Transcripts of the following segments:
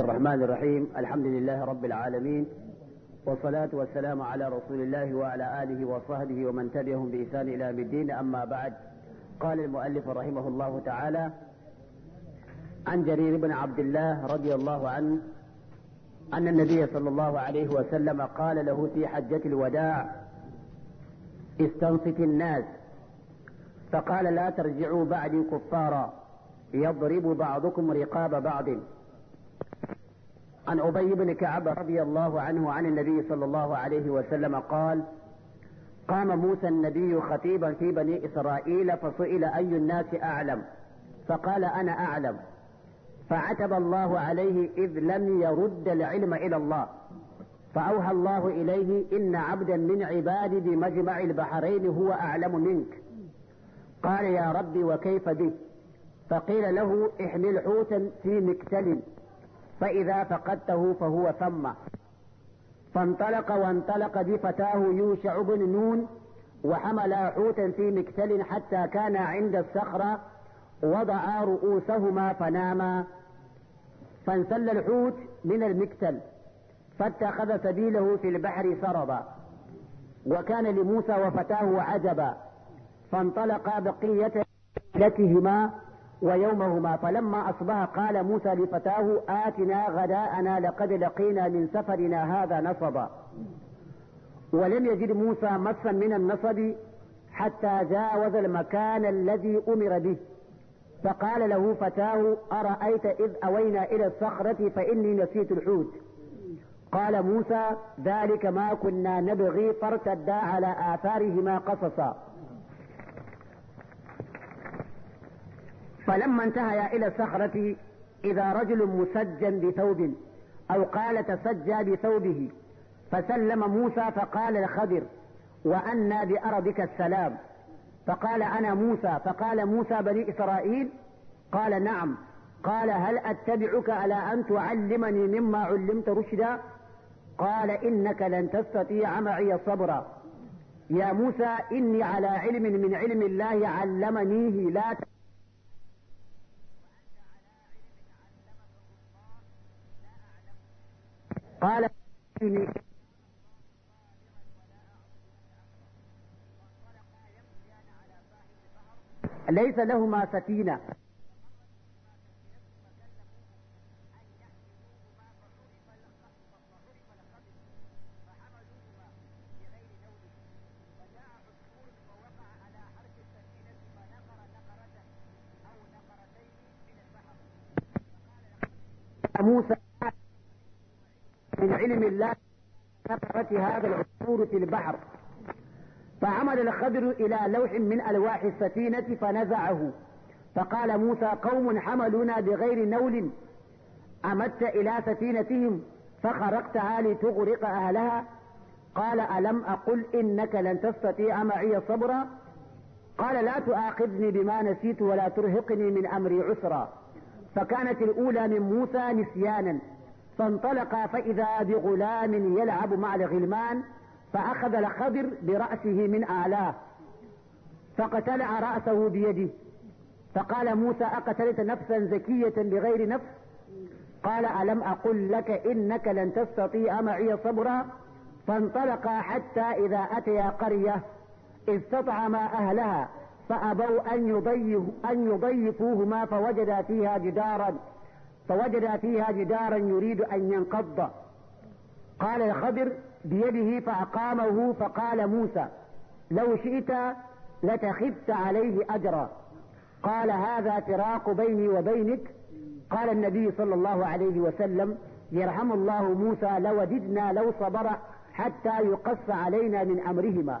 الرحمن الرحيم الحمد لله رب العالمين والصلاة والسلام على رسول الله وعلى آله وصحبه ومن تبعهم بإحسان إلى يوم الدين أما بعد قال المؤلف رحمه الله تعالى عن جرير بن عبد الله رضي الله عنه أن النبي صلى الله عليه وسلم قال له في حجة الوداع استنصت الناس فقال لا ترجعوا بعدي كفارا يضرب بعضكم رقاب بعض عن أبي بن كعب رضي الله عنه عن النبي صلى الله عليه وسلم قال قام موسى النبي خطيبا في بني إسرائيل فسئل أي الناس أعلم فقال أنا أعلم فعتب الله عليه إذ لم يرد العلم إلى الله فأوحى الله إليه إن عبدا من عبادي بمجمع البحرين هو أعلم منك قال يا ربي وكيف به فقيل له احمل حوتا في مكتل فإذا فقدته فهو ثم فانطلق وانطلق بفتاه يوشع بن نون وحملا حوتا في مكتل حتى كان عند الصخرة وضعا رؤوسهما فناما فانسل الحوت من المكتل فاتخذ سبيله في البحر سربا وكان لموسى وفتاه عجبا فانطلقا بقية رحلتهما ويومهما فلما أصبح قال موسى لفتاه آتنا غداءنا لقد لقينا من سفرنا هذا نصبا ولم يجد موسى مصا من النصب حتى جاوز المكان الذي أمر به فقال له فتاه أرأيت إذ أوينا إلى الصخرة فإني نسيت الحوت قال موسى ذلك ما كنا نبغي فارتدا على آثارهما قصصا فلما انتهيا إلى الصخرة إذا رجل مسجى بثوب أو قال تسجى بثوبه فسلم موسى فقال الخضر وأنا بأرضك السلام فقال أنا موسى فقال موسى بني إسرائيل قال نعم قال هل أتبعك على أن تعلمني مما علمت رشدا قال إنك لن تستطيع معي صبرا يا موسى إني على علم من علم الله علمنيه لا قال ليس لهما سفينة هذا العصفور في البحر فعمل الخضر إلى لوح من ألواح السفينة فنزعه فقال موسى قوم حملونا بغير نول أمدت إلى سفينتهم فخرقتها لتغرق أهلها قال ألم أقل إنك لن تستطيع معي صبرا قال لا تؤاخذني بما نسيت ولا ترهقني من أمري عسرا فكانت الأولى من موسى نسيانا فانطلقا فإذا بغلام يلعب مع الغلمان فأخذ الخضر برأسه من أعلاه فقتلع رأسه بيده فقال موسى أقتلت نفسا زكية بغير نفس قال ألم أقل لك إنك لن تستطيع معي صبرا فانطلقا حتى إذا أتيا قرية استطعما أهلها فأبوا أن, أن يضيفوهما فوجدا فيها جدارا فوجد فيها جدارا يريد أن ينقض قال الخضر بيده فأقامه فقال موسى لو شئت لتخبت عليه أجرا قال هذا فراق بيني وبينك قال النبي صلى الله عليه وسلم يرحم الله موسى لوددنا لو صبر حتى يقص علينا من أمرهما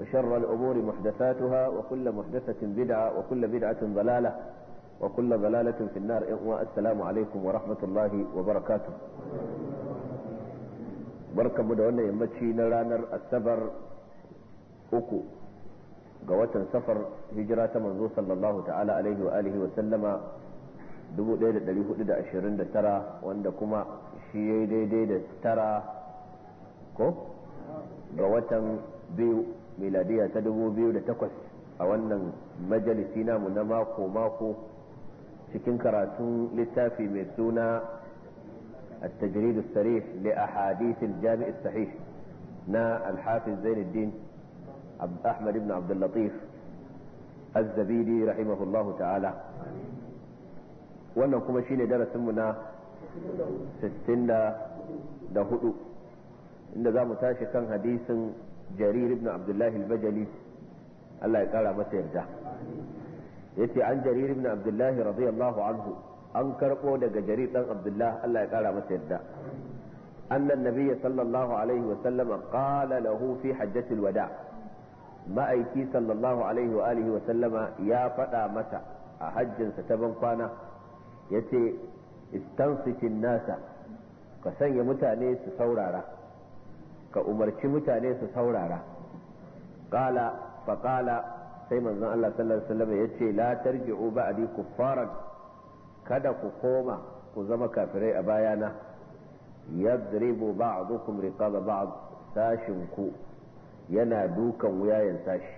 وشر الأمور محدثاتها وكل محدثة بدعة وكل بدعة ضلالة وكل ضلالة في النار إغواء السلام عليكم ورحمة الله وبركاته بركة مدعونا يمتشي نرانر السفر أكو قوة سفر هجرة منذو صلى الله تعالى عليه وآله وسلم دبو ديدة دليه ديدة أشيرين ترى واندكما شيئي ديدة ترى كو قوة بيو miladiya ta dubu biyu da takwas a wannan majalisi namu na mako-mako cikin karatun littafi mai suna a tajiridu لأحاديث الجامع a نا الحافظ زين na alhafin zainuddin بن ibn اللطيف الزبيدي رحمه الله تعالى wannan kuma shine darasinmu na 64 inda za mu tashi kan hadisin jarir ibn abdullah al-bajali Allah ya kara masa yarda yace an jarir ibn abdullah radiyallahu anhu an karbo daga jarir dan abdullah Allah ya kara masa yarda أن النبي صلى الله عليه وسلم قال له في حجة الوداع ما أيكي صلى الله عليه وآله وسلم يا فتا متى أحج ستبن قانا يتي استنصت الناس ka sanya mutane su saurara ka umarci mutane su saurara qala fa qala sai manzon Allah sallallahu alaihi wasallam yace la tarji'u ba'di kuffaran kada ku koma ku zama kafirai a bayana yadribu ba'dukum riqaba ba'd sashin ku yana dukan wuyayen sashi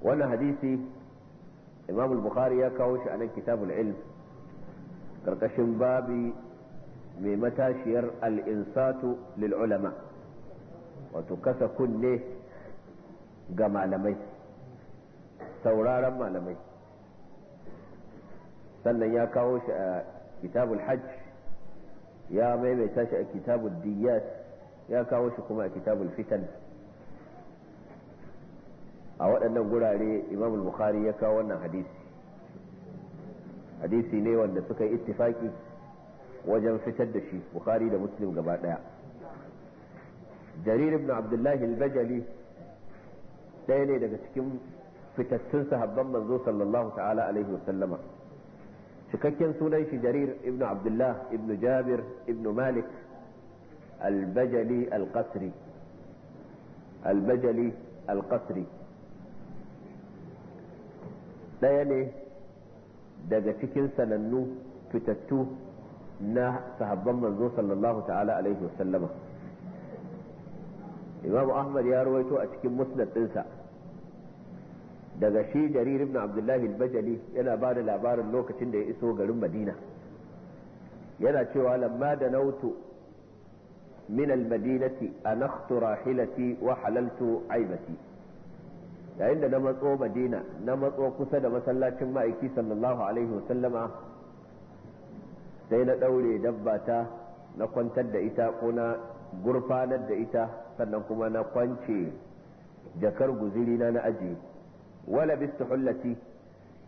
wannan hadisi imamu al-bukhari ya kawo shi a nan kitabul ilm karkashin babi mai matashiyar al'insatu lil'ulama wato kasa kunne ga malamai sauraron malamai sannan ya kawo shi a kitabul hajj ya maimaita shi a kitabul diyas ya kawo shi kuma a kitabul fitan a waɗannan gurare imam bukhari ya kawo wannan hadisi hadisi ne wanda suka yi ittifaki wajen fitar da shi bukhari da muslim gaba daya jarir ibn abdullahi al-bajali ɗaya ne daga cikin fitattun sahabban manzo sallallahu ta'ala alaihi wasallama cikakken sunan shi jarir ibn abdullah ibn jabir ibn malik al-bajali al-qasri al-bajali al-qasri ɗaya ne daga cikin sanannu fitattu na sahabban manzo sallallahu ta'ala alaihi wasallama imam ahmad ya rawaito a cikin musnad dinsa daga shi jarir ibn abdullahi al-bajali yana ba da labarin lokacin da ya iso garin madina yana cewa lamma da nautu min al-madinati anakhtu rahilati wa halaltu aibati yayin da na matso madina na matso kusa da masallacin ma'aiki sallallahu alaihi wasallama sai na ɗaure dabba ta na kwantar da ita ko na gurfanar da ita sannan kuma na kwance jakar guziri na na aji wala bistu hullati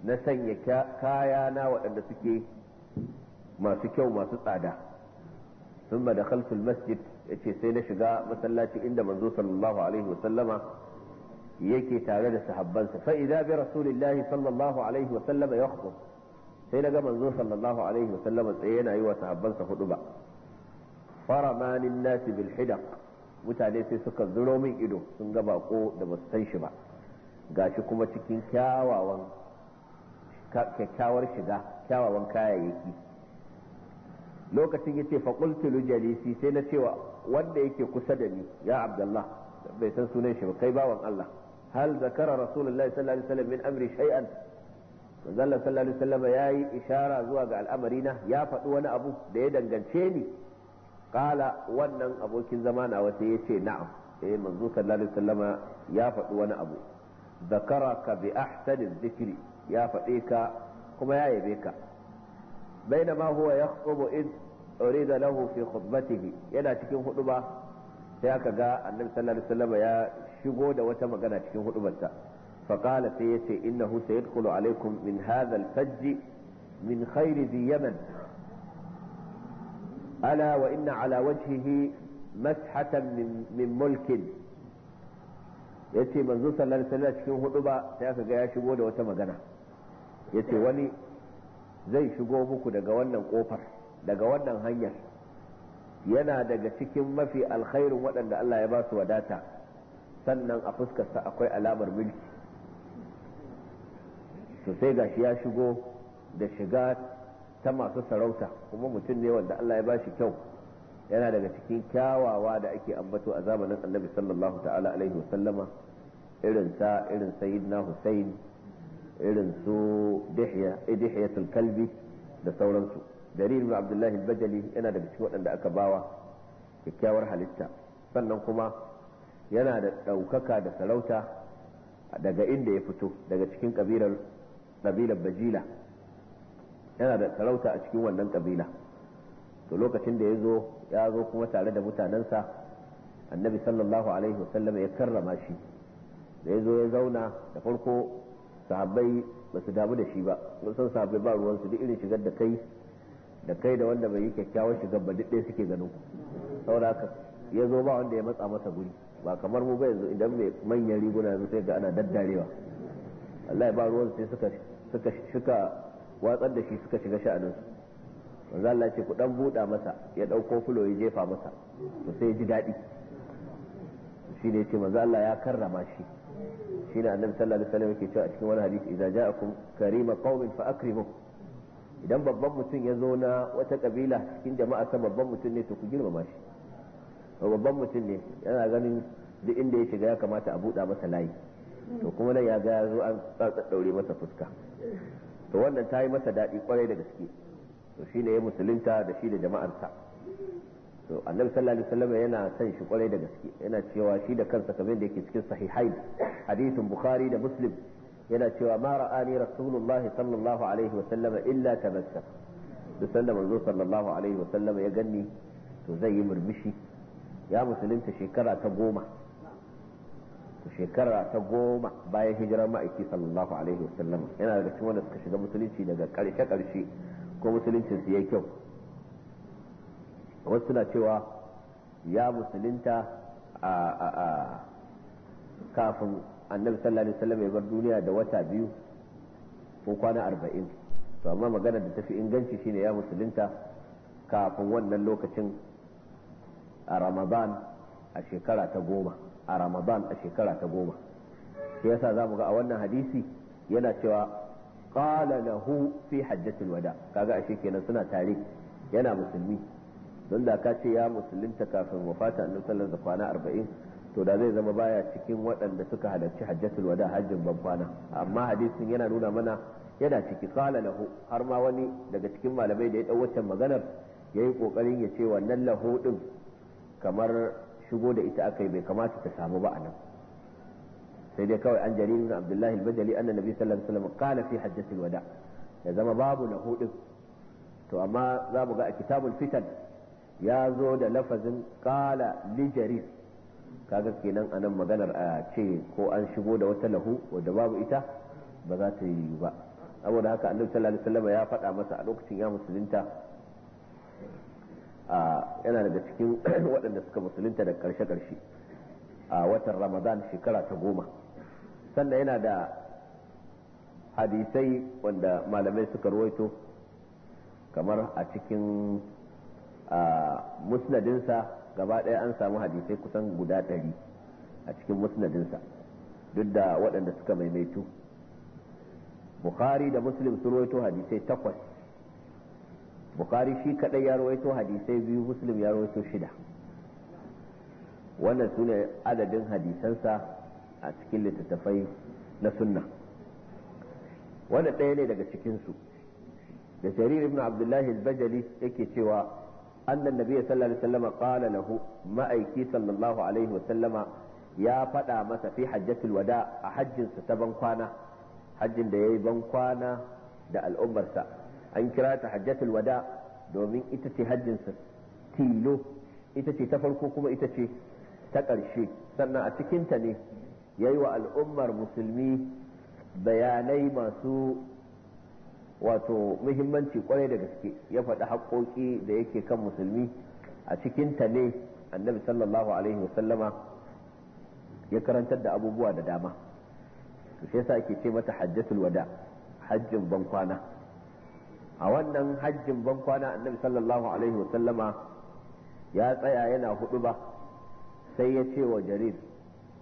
na sanya kaya na waɗanda suke masu kyau masu tsada sun da khalful masjid ya ce sai na shiga masallaci inda manzo sallallahu alaihi wasallama yake tare da sahabbansa fa idza bi rasulillahi sallallahu alaihi wasallama sai na ga manzo sallallahu alaihi wasallam tsaye yana yi wa sahabbansa hudu ba faramanin nasi bil hidaq mutane sai suka zuro min ido sun ga bako da ba san shi ba gashi kuma cikin kyawawan kyakkyawar shiga kyawawan kayayyaki lokacin yace fa qultu jalisi sai na cewa wanda yake kusa da ni ya abdullah bai san sunan shi ba kai bawan Allah hal zakara rasulullahi sallallahu alaihi wasallam min amri shay'an manzo sallallahu alaihi wasallam yi ishara zuwa ga al'amari na ya faɗi wani abu da ya dangance ni kala wannan abokin zama na wata ce na'am eh manzo sallallahu alaihi wasallam ya faɗi wani abu ka bi sanin dhikri ya faɗe ka kuma ya yabe ka ma huwa yakhubu id urida lahu fi khutbatihi yana cikin huduba sai aka ga annabi sallallahu alaihi wasallam ya shigo da wata magana cikin hudubarsa فقال سيتي إنه سيدخل عليكم من هذا الفج من خير ذي يمن ألا وإن على وجهه مسحة من, من ملك yace manzo sallallahu alaihi cikin hudu ba sai aka ga ya shigo da wata magana yace wani zai shigo muku daga wannan kofar daga wannan hanyar yana daga cikin mafi alkhairin waɗanda Allah ya basu wadata sannan a fuskarsa akwai alamar mulki sosai gashi ya shigo da shiga ta masu sarauta kuma mutum ne wanda Allah ya bashi kyau yana daga cikin kyawawa da ake ambato a zamanin annabi sallallahu ta'ala alaihi wasallama irin sa irin sayyidina Hussein irin su eh, dihiyatul kalbi da sauransu jarir abdullahi bajali yana daga cikin waɗanda aka bawa kyakkyawar halitta sannan kuma yana da ɗaukaka da sarauta daga inda ya fito daga cikin kabilar ƙabilar bajila yana da sarauta a cikin wannan ƙabila to lokacin da ya zo ya zo kuma tare da mutanensa annabi sallallahu alaihi wasallam ya karrama shi da ya zo ya zauna da farko sahabbai ba su damu da shi ba sun san sahabbai ba ruwansu duk irin shigar da kai da kai da wanda bai yi kyakkyawan shigar ba duk ɗaya suke ganin saboda ya zo ba wanda ya matsa masa guri ba kamar mu ba yanzu idan mai manyan riguna yanzu sai ga ana daddarewa Allah ya ba ruwan sai suka suka suka watsar da shi suka shiga sha'anin su Allah ce ku dan buda masa ya dauko fulo ya jefa masa to sai ya ji dadi shi ne ce manzo Allah ya karrama shi ne annabi sallallahu alaihi wasallam yake cewa a cikin wani hadisi idza ja'akum karima qaumin fa akrimuh idan babban mutum ya zo na wata kabila cikin jama'a ta babban mutum ne to ku girmama shi babban mutum ne yana ganin duk inda ya shiga ya kamata a buɗa masa layi to kuma nan ya ga ya zo an daure masa fuska to wannan ta yi masa daɗi kwarai da gaske to shine ya musulunta da shi da jama'arsa to annabi sallallahu alaihi wasallam yana son shi kwarai da gaske yana cewa shi da kansa kamar da yake cikin sahihain hadithun bukhari da muslim yana cewa ma ra'ani rasulullahi sallallahu alaihi wasallam illa tabassam duk sanda manzo sallallahu alaihi wasallam ya ganni to zai yi murmushi ya musulunta shekara ta goma shekara ta goma bayan hijirar ma'aiki sallallahu alaihi wasallam yana daga cikin wanda suka shiga musulunci daga karshe karshe ko musuluncin su yayi kyau wasu suna cewa ya musulunta a a kafin annabi sallallahu alaihi wasallam ya bar duniya da wata biyu ko kwana arba'in to amma magana da tafi inganci shine ya musulunta kafin wannan lokacin a ramadan a shekara ta goma a ramadan a shekara ta goma shi yasa za mu ga a wannan hadisi yana cewa qala lahu fi hajjatul wada kaga ashe kenan suna tare yana musulmi don da ka ce ya musulunta kafin wafata annabi sallallahu alaihi kwana arba'in to da zai zama baya cikin waɗanda suka halarci hajjatul wada hajjin ban kwana amma hadisin yana nuna mana yana ciki qala lahu har ma wani daga cikin malamai da ya dau waccan maganar yi kokarin ya ce wannan lahu din kamar shigo da ita aka yi bai kamata ta samu ba a nan sai dai kawai an jaririn abdullahi al-bajali anna nabi sallallahu alaihi wasallam qala fi hajjatil wada ya zama babu na hudu to amma za mu ga a kitabul fitan ya zo da lafazin kala li jarir kaga kenan anan maganar a ce ko an shigo da wata lahu wadda babu ita ba za ta yi ba saboda haka annabi sallallahu alaihi wasallam ya faɗa masa a lokacin ya musulunta yana daga cikin waɗanda suka musulunta da ƙarshe ƙarshe a watan ramadan shekara ta goma sannan yana da hadisai wanda malamai suka ruwaito kamar a cikin musnadinsa gaba ɗaya an samu hadisai kusan guda ɗari a cikin musnadinsa duk da waɗanda suka maimaitu bukhari da muslim su ruwaito hadisai takwas bukari shi kadai ya rawaito hadisai biyu muslim ya rawaito shida wannan su ne adadin hadisansa a cikin littattafai na sunna wanda ɗaya ne daga cikinsu da jarir ibn abdullahi bajali yake cewa annan nabi sallallahu alaihi wasallam qala lahu ma'aiki sallallahu alaihi wasallama ya faɗa masa fi hajjatul wada a hajjinsa ta bankwana hajjin da ya yi bankwana da al'ummarsa an kira ta hajjatul wada domin ita ce hajjinsa tilo ita ce ta farko kuma ita ce ta ƙarshe sannan a cikinta ne ya yi wa al'ummar musulmi bayanai masu wato muhimmanci kwarai da gaske ya faɗi haƙoƙi da yake kan musulmi a cikinta ne annabi sallallahu alaihi wasallama ya karantar da abubuwa da dama to shi yasa ake ce mata hajjatul wada hajjin ban kwana a wannan hajjin ban kwana annabi sallallahu alaihi wasallama ya tsaya yana hudu ba sai ya ce wa jarir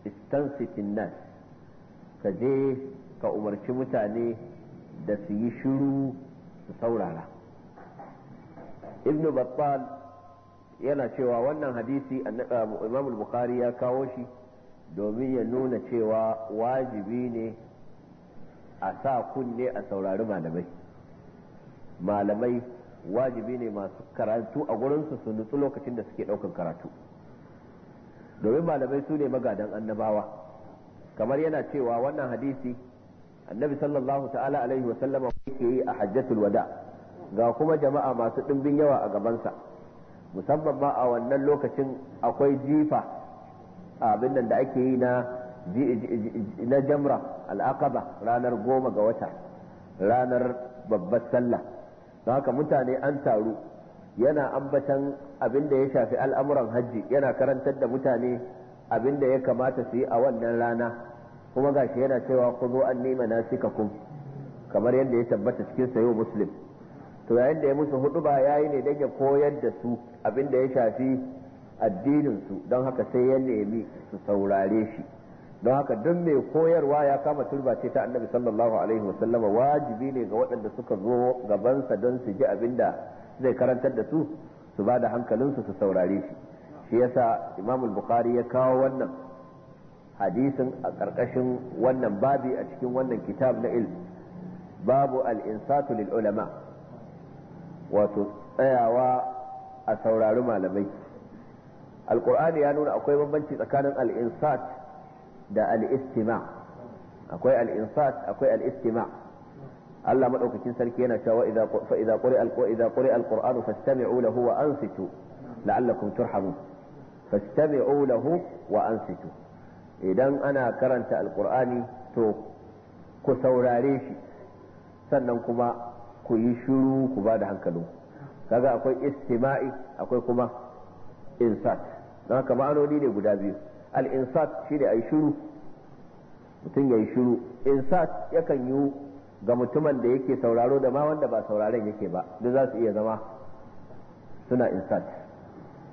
istansitin nas ka je ka umarci mutane da su yi shiru su saurara ibnu battal yana cewa wannan hadisi um, imam bukhari ya kawo shi domin ya nuna cewa wajibi ne a sa kunne a saurari malamai malamai wajibi ne masu karatu a gurinsu su nutsu lokacin da suke ɗaukan karatu domin malamai su ne magadan annabawa kamar yana cewa wannan hadisi annabi sallallahu ta'ala alaihi wa sallama yake yi a hajjatul wada ga kuma jama'a masu ɗimbin yawa a gabansa musamman ma a wannan lokacin akwai jifa abin nan da ake yi na na jamra al'aqaba ranar goma ga wata ranar babbar sallah da haka mutane an taru yana ambatan abin da ya shafi al'amuran hajji yana karantar da mutane abin da ya kamata su yi a wannan rana kuma gashi yana cewa ku zo an nema na kun kamar yadda ya tabbata cikin sayo muslim to yayin da ya musu hudu ba yi ne dan ya koyar da su abin da ya shafi addinin su don haka sai ya nemi su saurare shi don haka don mai koyarwa ya kama turba ce ta annabi sallallahu alaihi wasallama wajibi ne ga waɗanda suka zo gabansa don su ji abin da zai karantar da su su ba da hankalinsu su saurare shi shi yasa imam bukari ya kawo wannan hadisin a ƙarƙashin wannan babi a cikin wannan kitab na ilm babu al'insatu lil ulama wato tsayawa a saurari malamai alƙurani ya nuna akwai bambanci tsakanin alinsat da al-istima akwai al-insat akwai al-istima Allah madaukakin sarki yana cewa idza fa idza quri'a al idza quri'a al-qur'an fastami'u lahu wa ansitu la'allakum turhamun fastami'u lahu wa ansitu idan ana karanta al-qur'ani to ku saurare shi sannan kuma ku yi shiru ku bada hankalin kaga akwai istima'i akwai kuma insat don haka ma'anoni ne guda biyu al-insat shine ai shiru mutum yayi shiru insat yakan yi ga mutumin da yake sauraro da ma wanda ba sauraren yake ba duk za su iya zama suna insat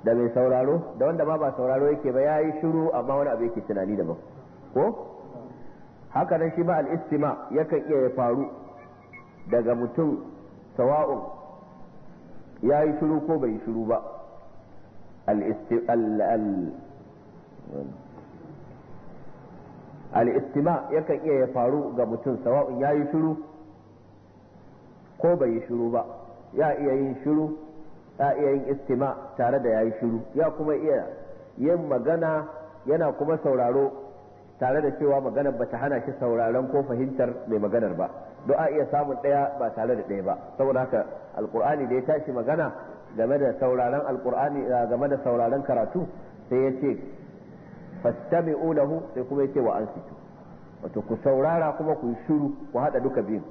da mai sauraro da wanda ma ba sauraro yake ba yayi shiru amma wani abu yake tunani daban ko haka nan shi ba al-istima yakan iya ya faru daga mutum sawa'un yayi shiru ko bai shiru ba al al yakan iya ya faru ga mutum sawa'un ya yi shiru ko bai yi shiru ba ya iya yin shiru ya iya yin istima tare da ya yi shiru ya kuma iya yin magana yana kuma sauraro tare da cewa maganar ba ta hana shi sauraron ko fahimtar mai maganar ba don a iya samun ɗaya ba tare da ɗaya ba saboda haka alkur'ani da ya tashi magana game da sauraron alkur'ani game da sauraron karatu sai ya ce fastami'u lahu sai kuma yace wa ansitu wato ku saurara kuma ku shiru ku hada duka biyu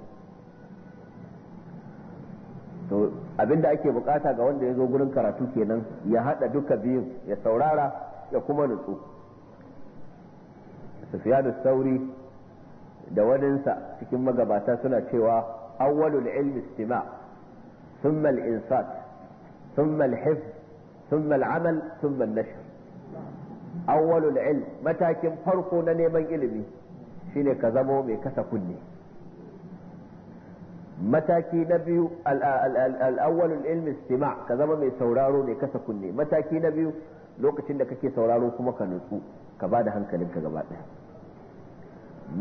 to abinda ake bukata ga wanda ya zo gurin karatu kenan ya hada duka biyun ya saurara ya kuma nutsu sufyanu sauri da waninsa cikin magabata suna cewa awwalul ilmi istima thumma al-insat thumma al-hifz thumma al-amal thumma an-nashr awwalul ilm matakin farko na neman ilimi shine ka zamo mai kasa kunne mataki na biyu al'awwalul ilm istima ka zama mai sauraro mai kasa kunne mataki na biyu lokacin da kake sauraro kuma ka nutsu ka ba da hankalinka gaba ɗaya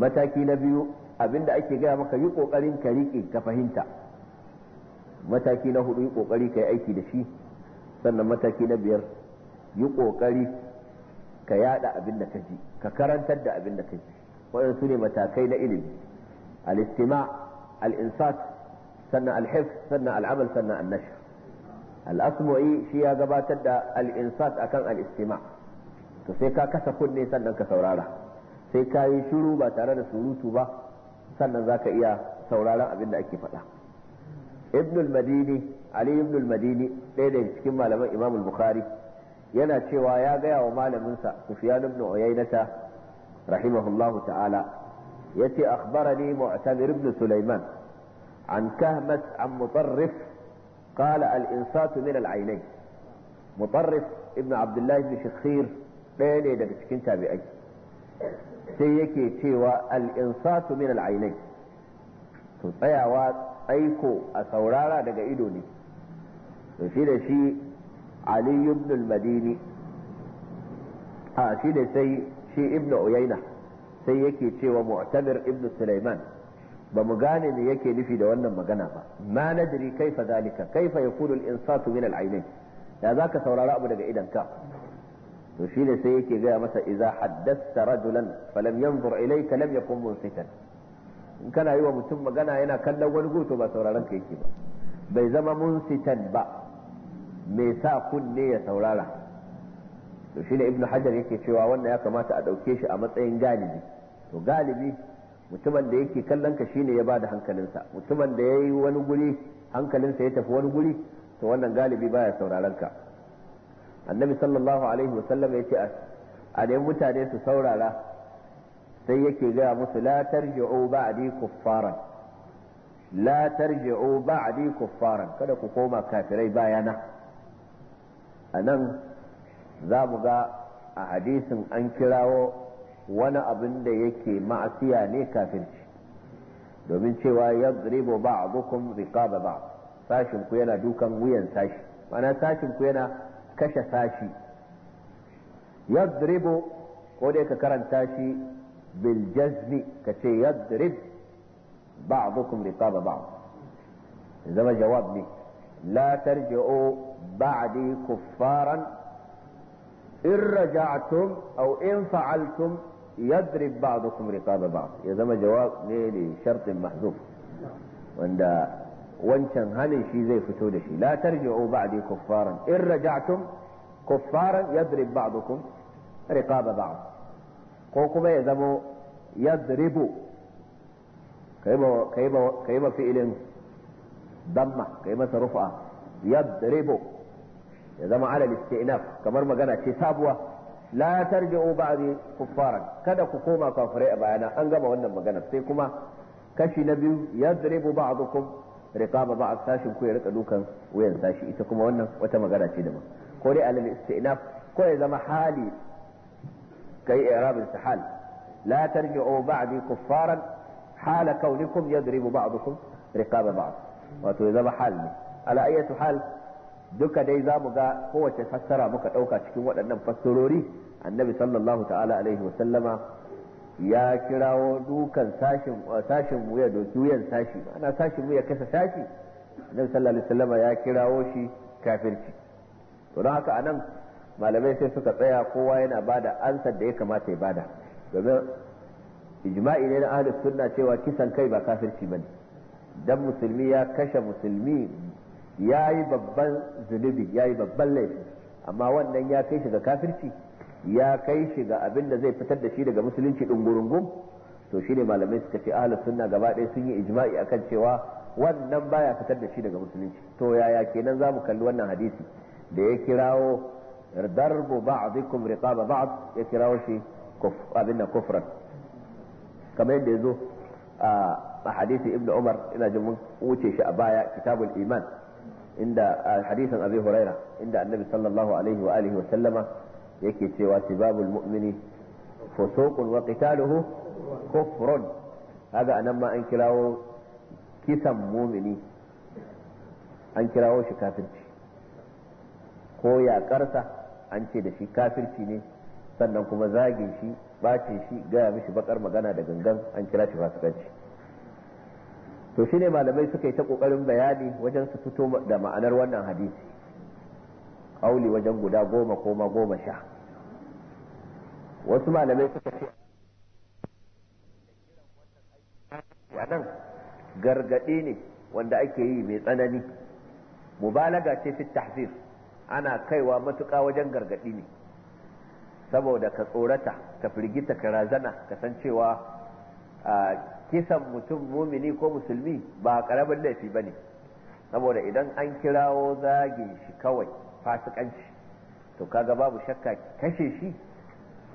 mataki na biyu abinda ake gaya maka yi ƙoƙarin ka riƙe ka fahimta mataki na hudu yi ƙoƙari ka yi aiki da shi sannan mataki na biyar yi ƙoƙari ka yada abin da ka ji ka karantar da abin da ka ji waɗansu ne matakai na ilimi al-istima al-insat sannan al sannan al-amal sannan an-nashr al shi ya gabatar da al-insat akan al-istima to sai ka kasa kunne sannan ka saurara sai ka yi shiru ba tare da surutu ba sannan zaka iya sauraron abin da ake faɗa ibnul madini ali ibnul madini ɗaya daga cikin malaman imamul al-bukhari yana cewa ya gaya wa malaminsa Sufyan ibn Uyaynata rahimahullahu ta'ala yace akhbarani Mu'tamir ibn Sulaiman an Kahmas an Mutarrif qala al-insatu min al-aynayn Mutarrif ibn Abdullah ibn Shakhir ɗaya ne daga cikin tabi'ai sai yake cewa al-insatu min al-aynayn to tsayawa aiko a saurara daga ido ne to shi da shi ali ibn al-madini a shi ne sai shi ibn uyaina sai yake cewa mu'tamir ibn sulaiman ba mu gane me yake nufi da wannan magana ba ma nadri kaifa zalika kaifa yakunu al-insatu min al-ainain ya zaka saurara abu daga idan ka to shi ne sai yake gaya masa idza haddasta rajulan falam yanzur ilayka lam yakun munsitan in kana yi wa mutum magana yana kallon wani goto ba sauraron ka yake ba bai zama munsitan ba me sa kunne ya saurara to shi ibnu ibn hajar yake cewa wannan ya kamata a dauke shi a matsayin galibi to galibi mutumin da yake kallon ka shine ya bada hankalinsa mutumin da ya yi wani guri hankalinsa ya tafi wani guri to wannan galibi baya sauraron ka annabi sallallahu alaihi wasallam ya ce a ne mutane su saurara sai yake ga musu la tarji'u ba'di kuffara la tarji'u ba'di kuffara kada ku koma kafirai bayana a nan za mu ga a hadisin an kirawo wani abin da yake ma'asiya ne kafirci domin cewa ya ribo ba abokan riƙaba ba sashinku yana dukan wuyan sashi mana sashinku yana kashe sashi ya ribo ko dai ka karanta shi biljazmi ka ce ya rib ba abokan riƙaba ba zama jawab ne لا ترجعوا بعدي كفارا ان رجعتم او ان فعلتم يضرب بعضكم رقاب بعض اذا ما جواب لي شرط محذوف وندا وانشان هل شي زي فتول شي لا ترجعوا بعدي كفارا ان رجعتم كفارا يضرب بعضكم رقاب بعض قوكم اذا يضرب كيف كيف كيف في إلين دمع كيما رفعة يضربوا يضم على الاستئناف كمر ما قنا تسابوا لا ترجعوا بعد كفارا كذا كقوما كفريئ بأنا أنجب وأنما ما قالت بسيكما كشي نبي يضرب بعضكم رقاب بعض ساشم كوي ركالوكا وين ساشي إتكما وأنما وتما قالت تسابوا قولي على الاستئناف كوي زم حالي كي إعراب السحال لا ترجعوا بعد كفارا حال كونكم يضرب بعضكم رقاب بعض wato ya zama hal ne ala ayyatu hal duka dai za mu ga kowace fassara muka ɗauka cikin waɗannan fassarori annabi sallallahu ta'ala alaihi wa sallama ya kirawo dukan sashin sashin wuya doki wuyan sashi ana sashin wuya kasa sashi annabi sallallahu alaihi wa sallama ya kirawo shi kafirci to don haka anan malamai sai suka tsaya kowa yana bada ansar da ya kamata ya bada domin ijma'i ne na ahlus sunna cewa kisan kai ba kafirci bane dan musulmi ya kashe musulmi ya yi babban zunubi ya yi babban laifi amma wannan ya kai shi ga kafirci ya kai shi ga abin da zai fitar da shi daga musulunci ɗungurungun to shine malamai suka ce ahlus sunna gaba ɗaya sun yi ijma'i akan cewa wannan baya fitar da shi daga musulunci to yaya kenan zamu kalli wannan hadisi da ya kirawo darbu ba'dikum riqaba ba'd ya kirawo shi abin da kufran kamar yadda yazo a hadisi ibnu umar ina jin mun wuce shi a baya kitabul iman inda hadisin abi huraira inda annabi sallallahu alaihi wa wa sallama yake cewa sibabul mu'mini fusuqun wa qitaluhu kufrun kaga anan ma an kirawo kisan mumini an kirawo shi kafirci ko yaƙarsa an ce da shi kafirci ne sannan kuma zagin shi bacin shi gaya mishi bakar magana da gangan an kira shi fasikanci to shine malamai suka yi ta ƙoƙarin bayani wajen su fito da ma'anar wannan hadisi Auli wajen guda goma koma goma sha wasu malamai suka ce a nan gargaɗe ne wanda ake yi mai tsanani mubalaga ce fi tahzir ana kaiwa matuka wajen gargaɗi ne saboda ka tsorata ka firgita ka razana kasancewa a ah, kisan mutum mumini ko musulmi ba karamin laifi bane saboda idan an kirawo zage shi kawai fasikanci to kaga babu shakka kashe shi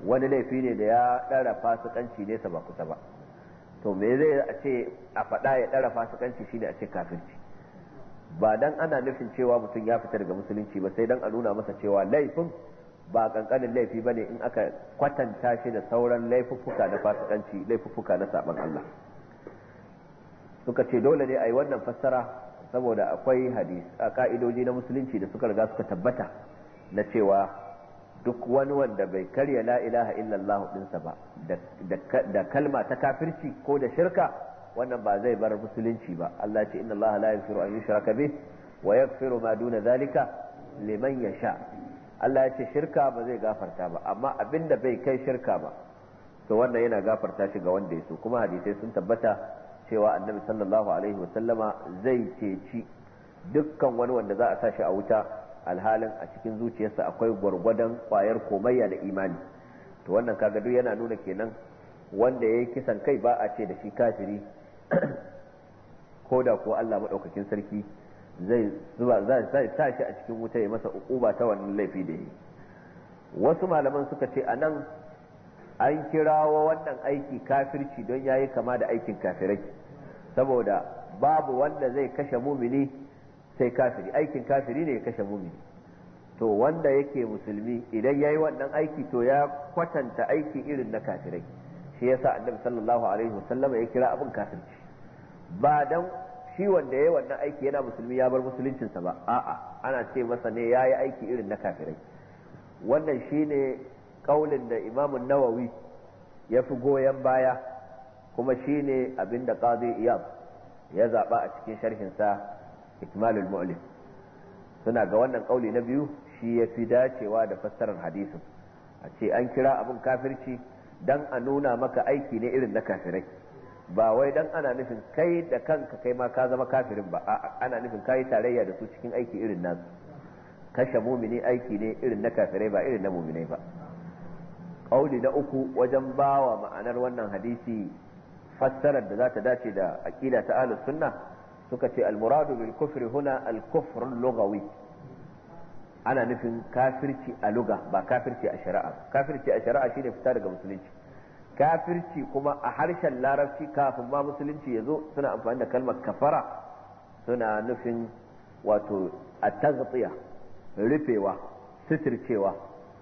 wani laifi ne da ya dara fasikanci nesa ba kusa ba to me zai a ce a faɗa ya dara fasikanci shine a ce kafirci ba dan ana nufin cewa mutum ya fita daga musulunci ba sai dan a nuna masa cewa laifin ba kankanin laifi ba ne in aka kwatanta shi da sauran laifuffuka na fasikanci laifuffuka na saban Allah suka ce dole ne a yi wannan fassara saboda akwai hadis a ka'idoji na musulunci da suka riga suka tabbata na cewa duk wani wanda bai karya la ilaha illallah dinsa ba da kalma ta kafirci ko da shirka wannan ba zai bar musulunci ba Allah ce inna Allah la yaghfiru an yushraka bih wa yaghfiru ma duna zalika liman yasha Allah ya ce shirka ba zai gafarta ba amma abinda bai kai shirka ba to wannan yana gafarta shi ga wanda ya so kuma hadisai sun tabbata cewa annabi sallallahu alaihi wasallama zai ceci dukkan wani wanda za a sashi a wuta alhalin a cikin zuciyarsa akwai gwargwadon kwayar komayya da imani to wannan kaga duk yana nuna kenan wanda ya yi kisan kai ba a ce da shi kafiri ko da ko Allah maɗaukakin sarki zai sa shi a cikin wuta ya masa ba ta wannan laifi da yi wasu malaman suka ce a nan an kirawo wannan aiki kafirci don yayi kama da aikin kafirai saboda babu wanda zai kashe mumini sai kafiri aikin kafiri ne ya kashe mumini to wanda yake musulmi idan yayi wannan aiki to ya kwatanta aikin irin na kafirai shi yasa annabi sallallahu alaihi wasallam ya kira abin kafirci ba dan shi wanda yayi wannan aiki yana musulmi ya bar musuluncinsa ba a'a ana ce masa ne yayi aiki irin na kafirai wannan shine kaulin da imamun nawawi ya fi goyon baya kuma shine abin da qadi iyab ya zaɓa a cikin sharhinsa ikmalul mu'lim suna ga wannan kauli na biyu shi ya fi dacewa da fassarar hadisin a ce an kira abin kafirci dan a nuna maka aiki ne irin na kafirai ba wai dan ana nufin kai da kanka kai ma ka zama kafirin ba a'a ana nufin kai tarayya da su cikin aiki irin nasu kashe mumini aiki ne irin na kafirai ba irin na muminai ba kauli na uku wajen bawa ma'anar wannan hadisi fassarar da za ta dace da aƙida ta ahlus sunna suka ce almuradu bil kufri huna al kufr lughawi ana nufin kafirci a luga ba kafirci a shari'a kafirci a shari'a shine fita daga musulunci kafirci kuma a harshen larabci kafin ma musulunci ya zo suna amfani da kalmar kafara suna nufin wato a rufewa sitircewa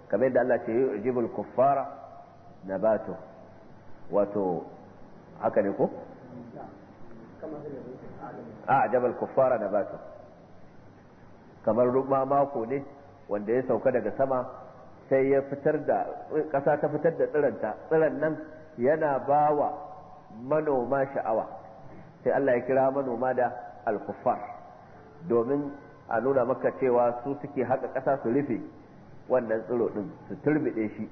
kamar yadda Allah ce yujibul kuffara nabatu wato haka ne ko a jabal kuffara nabatu kamar ruba mako ne wanda ya sauka daga sama sai ya fitar da ƙasa ta fitar da tsiranta tsiran nan yana ba wa manoma sha'awa sai Allah ya kira manoma da al-kuffar domin a nuna maka cewa su suke haka ƙasa su rufe wannan tsiro din su turbide shi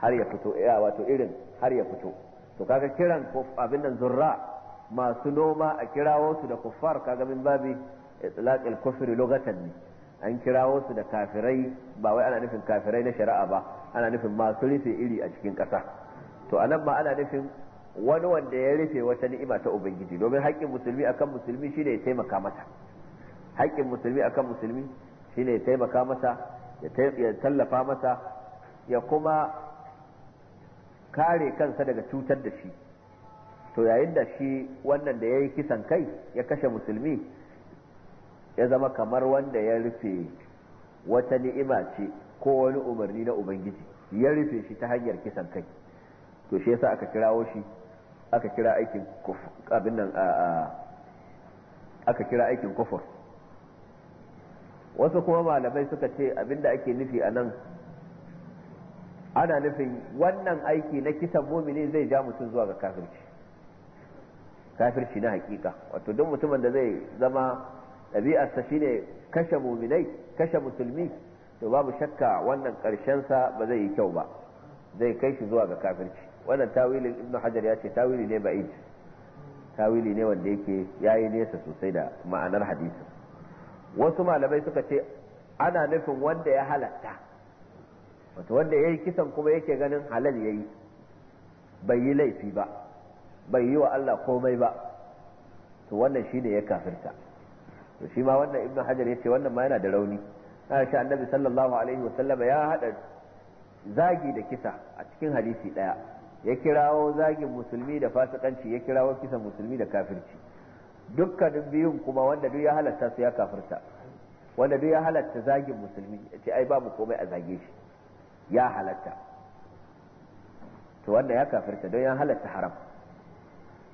har ya fito ya eh, wato irin har ya fito to kaga kiran abin nan zurra masu noma a kirawo su da kuffar kaga min babi itlaqil kufri lugatan ne an kirawo su da kafirai ba wai ana nufin kafirai na shari'a ba ana nufin masu rufe iri a cikin ƙasa to anan ma ana nufin wani wanda ya rufe wata ni'ima ta ubangiji domin haƙƙin musulmi akan musulmi shine ya taimaka mata haƙƙin musulmi akan musulmi shine ya taimaka mata ya tallafa masa ya kuma kare kansa daga cutar da shi to yayin da shi wannan da ya yi kisan kai ya kashe musulmi ya zama kamar wanda ya rufe wata ni'ima ce ko wani umarni na ubangiji ya rufe shi ta hanyar kisan kai to shi yasa aka kirawo shi aka kira aikin kufur aka kira aikin kufur wasu kuma malamai suka ce abinda ake nufi a nan ana nufin wannan aiki na kisan mumini zai ja mutum zuwa ga kafirci kafirci na hakika wato duk mutumin da zai zama ɗabi'arsa shine kashe muminai kashe musulmi to babu shakka wannan sa ba zai yi kyau ba zai kai shi zuwa ga kafirci wannan tawilin ibnu hajar ya ce tawili ne ba'id tawili ne wanda yake yayi nesa sosai da ma'anar hadisin wasu malamai suka ce ana nufin wanda ya halatta wato wanda ya yi kisan kuma yake ganin halal ya yi bai yi laifi ba bai yi wa Allah komai ba to wannan shi ne ya kafirta to shi ma wannan ibn hajar ya ce wannan ma yana da rauni shi annabi sallallahu alaihi wasallama ya haɗa zagi da kisa a cikin hadisi ɗaya ya kirawo zagin musulmi da fasikanci ya kirawo kisan musulmi da kafirci dukkanin biyun kuma wanda duk ya halatta su ya kafirta wanda duk ya halatta zagin musulmi ya ce ai babu komai a zage shi ya halatta to wanda ya kafirta don ya halatta haram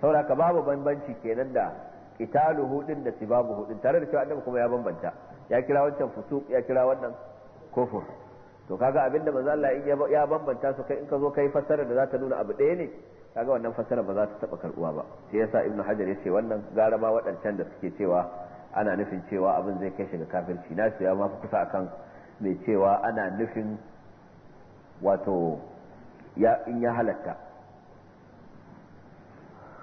saboda babu bambanci kenan da kitalu hudin da sibabu hudin tare da cewa annabi kuma ya bambanta ya kira wancan fusuq ya kira wannan kofur to kaga abinda manzo Allah ya bambanta su kai in ka zo kai fassara da za ta nuna abu ɗaya ne kaga wannan fasara ba za ta taba karbuwa ba sai yasa ibnu hajar yace wannan gara ma waɗancan da suke cewa ana nufin cewa abin zai kai shi ga kafirci na ya ma fi kusa akan mai cewa ana nufin wato ya in ya halatta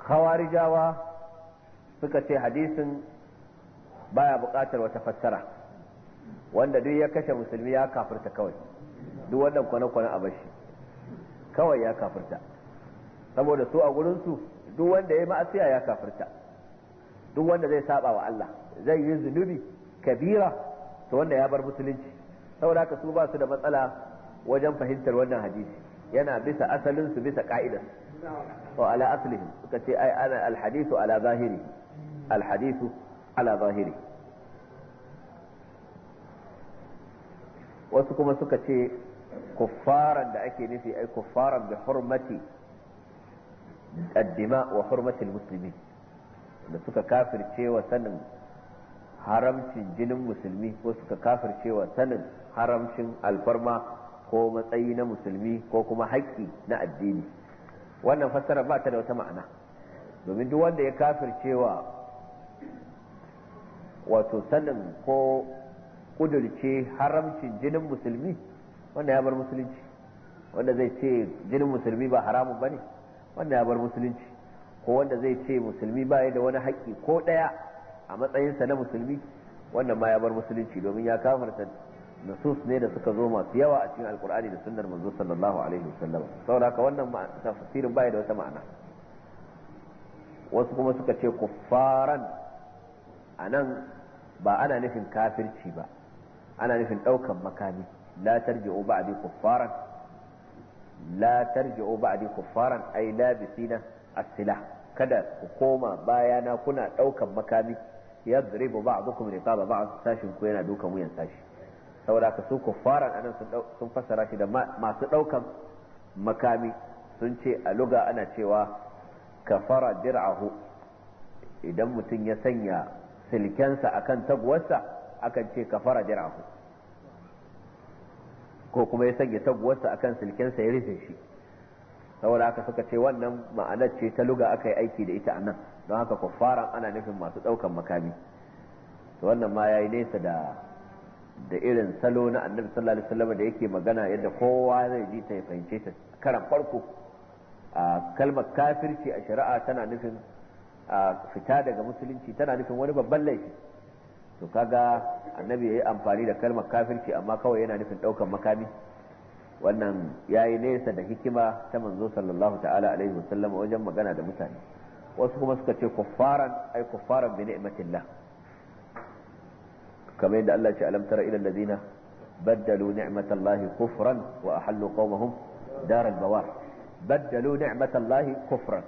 khawarijawa suka ce hadisin baya buƙatar wata fassara wanda duk ya kashe musulmi ya kafirta kawai duk wannan kwana-kwana a bashi kawai ya kafirta saboda su a gurinsu duk wanda ya ma'asiya ya kafirta duk wanda zai saba wa Allah zai yi zunubi kabira to wanda ya bar musulunci saboda haka su ba su da matsala wajen fahimtar wannan hadisi yana bisa asalin su bisa ka'idar wa ala aslihim suka ce ai ana ala zahiri alhadisu ala zahiri wasu kuma suka ce kuffaran da ake nufi ai kuffaran bi hurmati addima wa hurmatil muslimin da suka kafirce wa sanin haramcin jinin musulmi ko suka kafirce wa sanin haramcin alfarma ko matsayi na musulmi ko kuma haƙƙi na addini wannan fassara ba ta da wata ma'ana domin duk wanda ya kafirce wa wato sanin ko kudurce haramcin jinin musulmi wanda ya bar musulunci wanda zai ce jinin musulmi ba haramun ba ne wanda ya bar musulunci ko wanda zai ce musulmi ba da wani haƙƙi ko ɗaya a matsayinsa na musulmi wannan ma ya bar musulunci domin ya kafarta nasus ne da suka zo masu yawa a cikin alkur'ani da sunnar manzo sallallahu alaihi wasallam saboda haka wannan tafsirin bai da wata ma'ana wasu kuma suka ce kuffaran anan ba ana nufin kafirci ba ana nufin ɗaukan makami la tarji'u ba'di kuffaran لا ترجعوا بعد كفارا ay labisina a sila kada ku koma bayana kuna daukan makami ya yadribu ba'dukum ba ba'd sashin ku yana dukan wuyan sashi saboda ka su kuffaran anan sun fassara shi da masu daukan makami sun ce a luga ana cewa kafara dir'ahu idan mutum ya sanya silkensa akan taguwarsa akan ce kafara dir'ahu ko kuma ya sanya a akan silkensa ya rufe shi saboda haka suka ce wannan ma'anar ce ta luga aka yi aiki da ita a nan don haka kwafaran ana nufin masu ɗaukan makami wannan ma ya yi nesa da da irin salo na annabi sallallahu alaihi wasallam da yake magana yadda kowa zai ji ta fahimce ta karan farko a kalmar kafirci a shari'a tana nufin a fita daga musulunci tana nufin wani babban laifi to kaga annabi yayi amfani da kalmar kafirci amma kawai yana nufin daukan makami wannan yayi nesa da hikima ta manzo sallallahu ta'ala alaihi wasallam wajen magana da mutane wasu kuma suka ce kuffaran ay kuffaran bi ni'matillah kamar yadda Allah ya ce alam tara ila alladhina بدلوا نعمة الله كفرا وأحلوا قومهم دار البوار بدلوا نعمة الله كفرا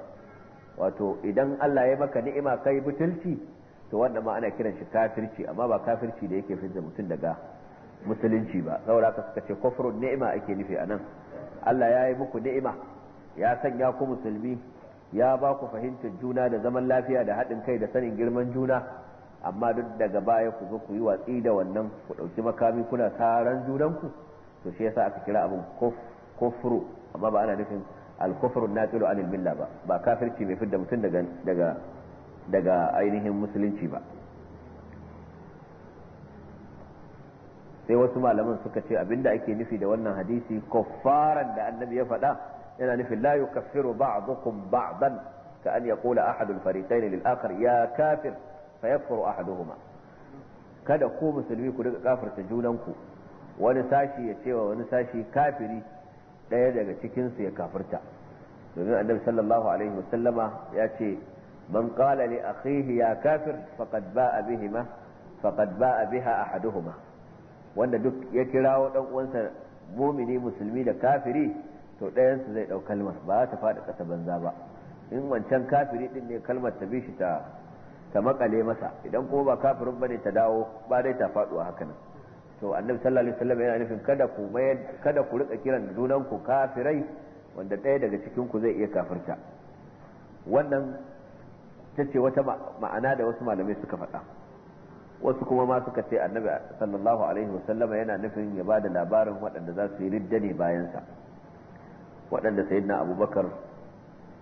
wato idan Allah ya maka ni'ima kai butulci to wanda ma ana kiran shi kafirci amma ba kafirci da yake fitar mutum daga musulunci ba saboda haka suka ce kufrun ni'ima ake nufi anan Allah ya yi muku ni'ima ya sanya ku musulmi ya ba ku fahimtar juna da zaman lafiya da haɗin kai da sanin girman juna amma duk daga baya ku zo ku yi watsi da wannan ku ɗauki makami kuna taron junanku to shi yasa aka kira abun kufru amma ba ana nufin al-kufru natilu anil milla ba ba kafirci mai fidda mutum daga daga daga ainihin musulunci ba sai wasu malaman suka ce abinda ake nufi da wannan hadisi kuffaran da annabi ya faɗa yana nufin la yukaffiru ba'dukum ba'dan ka an yaqula ahadu al-fariqayn lil akhar ya kafir fa yakfuru ahaduhuma kada ku musulmi ku daga kafirta junan ku wani sashi ya cewa wani sashi kafiri daya daga cikin su ya kafirta domin annabi sallallahu alaihi wasallama ya ce man qala li akhihi ya kafir faqad ba'a bihima faqad ba'a biha ahaduhuma wanda duk ya kirawo dan uwansa mumini musulmi da kafiri to ɗayansu zai dau kalmar ba ta faɗi ƙasa banza ba in wancan kafiri ɗin ne kalmar ta bi shi ta ta makale masa idan ko ba kafirin bane ta dawo ba dai ta faɗuwa haka nan to annabi sallallahu alaihi wasallam yana nufin kada ku mayar kada ku rika kiran junan ku kafirai wanda ɗaya daga cikin ku zai iya kafirta wannan ita ce wata ma'ana da wasu malamai suka faɗa wasu kuma ma suka ce annabi sallallahu alaihi sallama yana nufin ya ba da labarin waɗanda za su yi ridda ne bayansa waɗanda sayyidina abubakar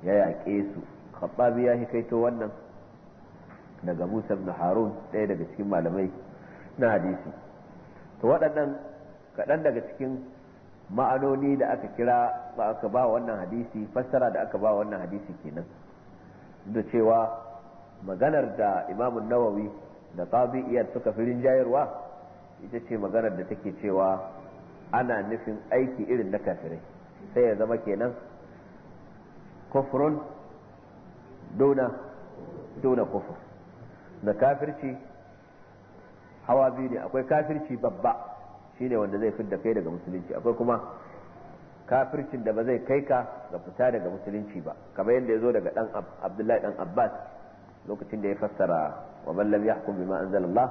ya yaƙe su khabbabi ya kaito wannan daga musa ibn harun ɗaya daga cikin malamai na hadisi to waɗannan kaɗan daga cikin ma'anoni da aka kira ba aka ba wannan hadisi fassara da aka ba wannan hadisi kenan da cewa maganar da imamun nawawi da tabi'iyar suka fi rinjayarwa ita ce maganar da take cewa ana nufin aiki irin na kafirai sai ya zama kenan kufrun dona dona kufur da kafirci hawa biyu ne akwai kafirci babba shine wanda zai fidda kai daga musulunci akwai kuma kafircin da ba zai kai ka ga fita daga musulunci ba kamar yadda ya zo daga dan abdullahi dan abbas lokacin da ya fassara wa man lam yahkum bima anzalallah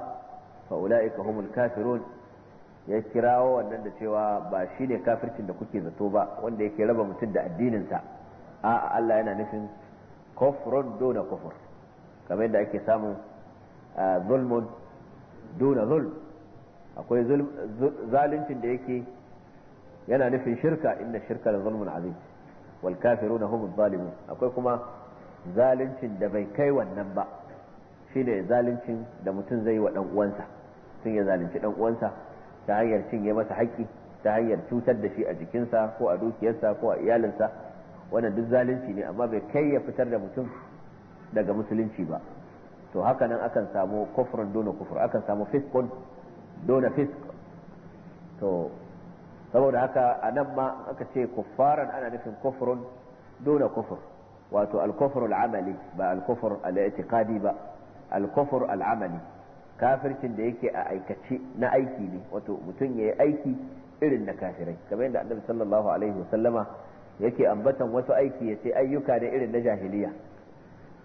fa ulaika humul kafirun ya kirawo wannan da cewa ba shi ne kafircin da kuke zato ba wanda yake raba mutum da addininsa a'a Allah yana nufin kufrun dona kufur kamar yadda ake samun zulmun dona zulm akwai zaluncin da yake yana nufin shirka inna shirka la zulmun azim wal kafiruna hum zalimun akwai kuma zaluncin da bai kai wannan ba shine zaluncin da mutum zai wa dan uwansa tun ya zalunci dan uwansa ta hanyar cinye masa haƙƙi ta hanyar cutar da shi a jikinsa ko a dukiyarsa ko a iyalinsa wannan duk zalunci ne amma bai kai ya fitar da mutum daga musulunci ba to haka nan akan samu kufrun dona kufur akan samu fiskun dona fisk to saboda haka a nan ma aka ce kuffaran ana nufin kufrun duna kufur wato al-kufr al-amali ba al-kufr al-i'tiqadi ba al-kufr al-amali kafircin da yake a aikace na aiki ne wato mutum yayi aiki irin na kafirai kamar yadda annabi sallallahu alaihi wasallama yake ambatan wasu aiki ya ce ayyuka ne irin na jahiliya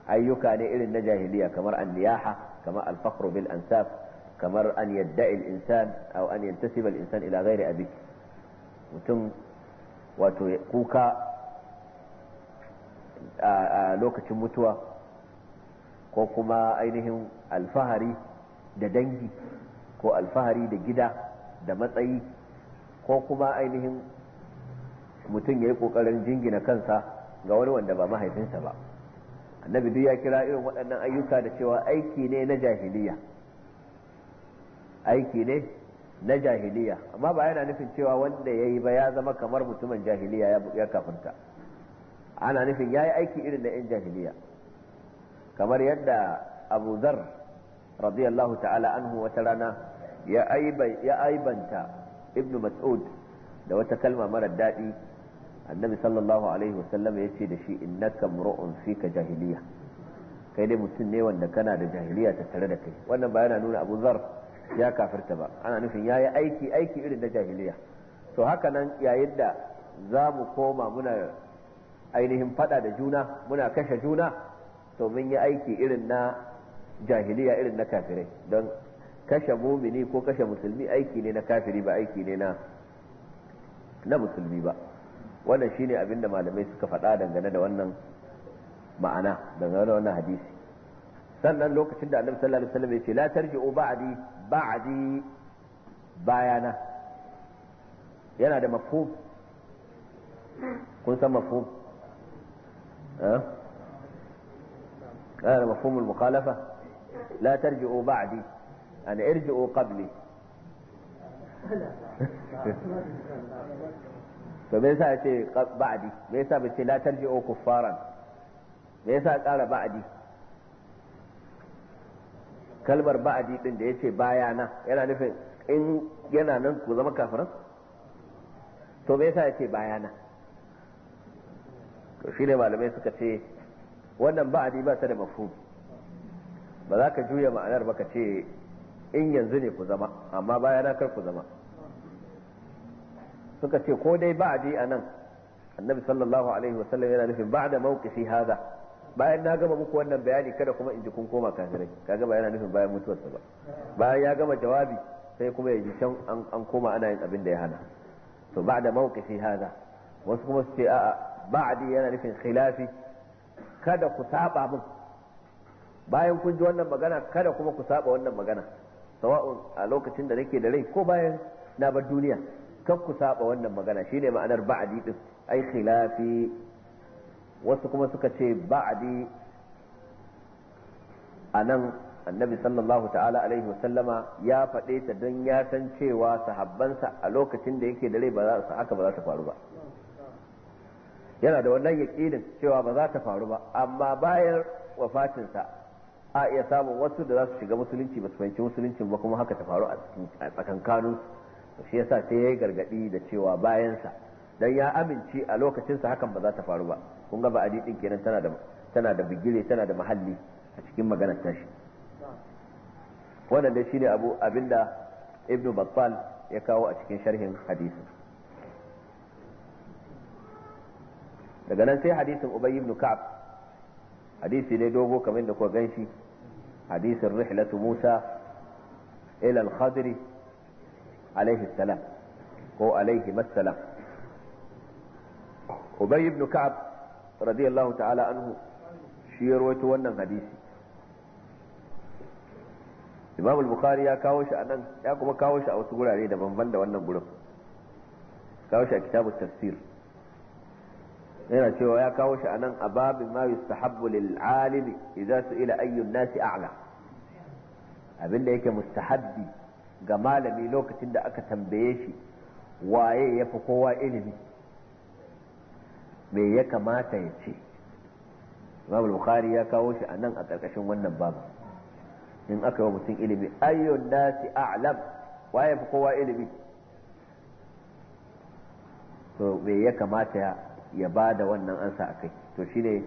ayyuka ne irin na jahiliya kamar an niyaha kamar al-fakhr bil ansab kamar an yadda al-insan aw an yantasiba al-insan ila ghairi abiki mutum wato kuka a lokacin mutuwa ko kuma ainihin alfahari da dangi ko alfahari da gida da matsayi ko kuma ainihin mutum ya yi ƙoƙarin jingina kansa ga wani wanda ba mahaifinsa ba annabi duk ya kira irin waɗannan ayyuka da cewa aiki ne na jahiliya aiki ne na jahiliya amma ba yana nufin cewa wanda ya yi ba ya zama kamar mutumin jahiliya ya kafinta ana nufin ya yi aiki irin na 'yan jahiliya kamar yadda abu zar radiyallahu ta'ala anhu wata rana ya aibanta ibnu mas'ud da wata kalma marar daɗi annabi sallallahu alaihi wasallam ya ce da shi innaka mru'un fika jahiliya kai dai mutum ne wanda kana da jahiliya tattare da kai wannan ba yana nuna abu zar ya kafirta ba ana nufin ya yi aiki aiki irin na jahiliya to haka nan yayin da za mu koma muna ainihin fada da juna muna kashe juna to mun yi aiki irin na jahiliya irin na kafirai don kashe mumini ko kashe musulmi aiki ne na kafiri ba aiki ne na na musulmi ba wannan shine abin da malamai suka faɗa dangane da wannan ma'ana dangane da wannan hadisi sannan lokacin da annabi sallallahu alaihi wasallam ya ce la tarji'u ba'di بعدي بيانه يانا ده مفهوم كنت مفهوم ها هذا مفهوم المخالفة لا ترجعوا بعدي أنا ارجعوا قبلي فبيسا بعدي بيسا بيسا لا ترجعوا كفارا بيسا قال بعدي kalmar ba'adi din da yace na yana nufin in yana nan ku zama kafiran to me yasa yace na to shine malamai suka ce wannan ba'adi ba ta da mafhum ba za ka juya ma'anar ba ka ce in yanzu ne ku zama amma baya na kar ku zama suka ce ko dai ba'adi anan annabi sallallahu alaihi wasallam yana nufin ba'da mawqifi hadha bayan na gama muku wannan bayani kada kuma in ji kun koma kafirai kaga ba yana nufin bayan mutuwarsa ba bayan ya gama jawabi sai kuma ya ji can an koma ana yin abin da ya hana to ba'da mawqifi haza, wasu kuma su ce a'a ba'di yana nufin khilafi kada ku saba mun, bayan kun ji wannan magana kada kuma ku saba wannan magana sawa'un a lokacin da nake da rai ko bayan na bar duniya kan ku saba wannan magana shine ma'anar ba'adi din ai khilafi wasu kuma suka ce ba'adi a nan annabi sallallahu ta'ala alaihi wasallama ya faɗe ta don ya san cewa sahabbansa a lokacin da yake da rai ba za su haka ba za ta faru ba yana da wannan yaƙinin cewa ba za ta faru ba amma bayan wafatinsa a iya samun wasu da za su shiga musulunci ba su fahimci musulunci ba kuma haka ta faru a tsakankanin shi yasa sai ya yi gargaɗi da cewa bayansa don ya amince a lokacinsa hakan ba za ta faru ba kun ga ba'adi din kenan tana da tana da bigire tana da mahalli a cikin maganar tashi wannan dai shine abu abinda ibnu battal ya kawo a cikin sharhin hadisin daga nan sai hadisin ubay ibn ka'b hadisi ne dogo kamar da kuka ganshi hadisin rihlatu musa ila al-khadri alayhi salam ko alayhi masalam ubay ibn ka'b radiyallahu ta'ala anhu shi ya rawaito wannan hadisi imam al-bukhari ya kawo shi a nan ya kuma kawo shi a wasu gurare daban-daban da wannan gurin kawo shi a kitabut tafsir yana cewa ya kawo shi a nan a babin ma yustahabbu lil alimi idza su'ila ayyun nasi a'la abinda yake mustahabbi ga malami lokacin da aka tambaye shi waye yafi kowa ilimi me ya kamata ya ce babu bukhari ya kawo shi a nan a ƙarƙashin wannan babu in aka yi mutum ilimi ayyun nasi a'lam waye fi kowa ilimi to me ya kamata ya ba da wannan ansa a kai to shine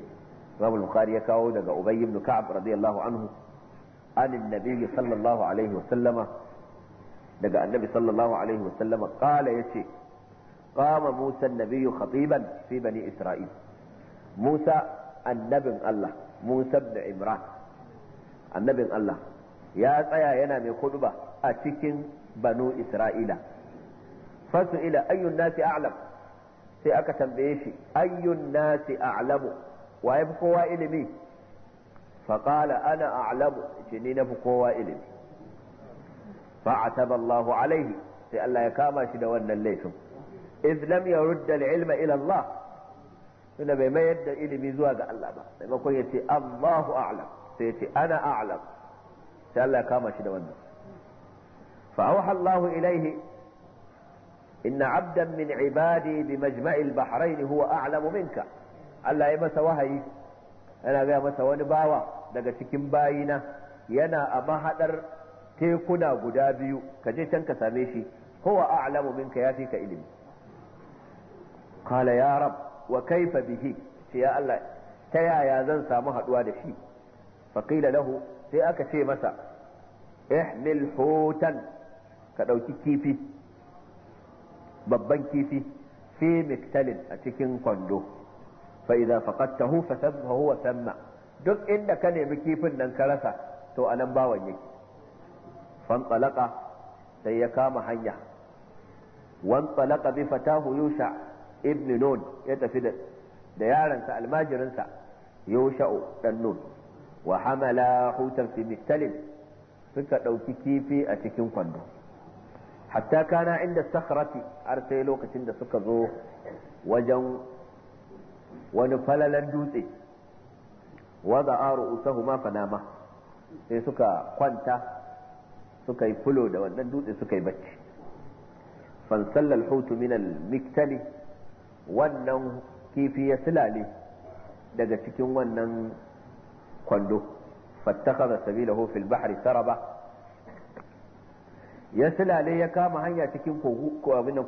babu bukhari ya kawo daga ubay ibn ka'ab radiyallahu anhu an annabi sallallahu alaihi wa sallama daga annabi sallallahu alaihi wa sallama qala yace qama Musa nabiyyu khatiban fi bani Isra'il Musa annabin Allah Musa ibn Imran annabin Allah ya tsaya yana mai khutba a cikin banu Isra'ila fasu ila ayyun nasi a'lam sai aka tambaye shi ayyun nasi a'lamu waye fi kowa ilimi faqala ana a'lamu ce ni na fi ilimi fa'ataba Allahu alaihi sai Allah ya kama shi da wannan laifin إذ لم يرد العلم إلى الله النبي ما يدى إلي بزواج الله لما قل يتي الله أعلم سيتي أنا أعلم سأل الله كما شد ونه فأوحى الله إليه إن عبدا من عبادي بمجمع البحرين هو أعلم منك الله يما سواهي أنا غير ما سوا نباوا دقا سكين باينا ينا أما حدر تيكنا قدابيو كجيتا كساميشي هو أعلم منك يا فيك إلمي qala ya rab wa kaifa bihi ce ya Allah ta yaya zan samu haduwa da shi faqila lahu sai aka ce masa ihmil hutan ka dauki kifi babban kifi fi miktalin a cikin kwando fa idza faqadtahu fasabbahu wa thamma duk inda ka nemi kifin nan ka rasa to anan bawan yake fanqalaqa sai ya kama hanya wanqalaqa bi fatahu yusha ibn nun ya tafi da yaransa almajirinsa yusha'u dan nun wa hamala hutan fi miktalin suka ɗauki kifi a cikin kwando hatta kana inda sakhrati har sai lokacin da suka zo wajen wani falalan dutse wadda aro usahu ma fanama sai suka kwanta suka yi fulo da wannan dutse suka yi bacci fansallal hutu min al miktali wannan kifi ya silale daga cikin wannan kwando Sabila sabilahu fil bahri saraba ya silale ya kama hanya cikin kogu abin da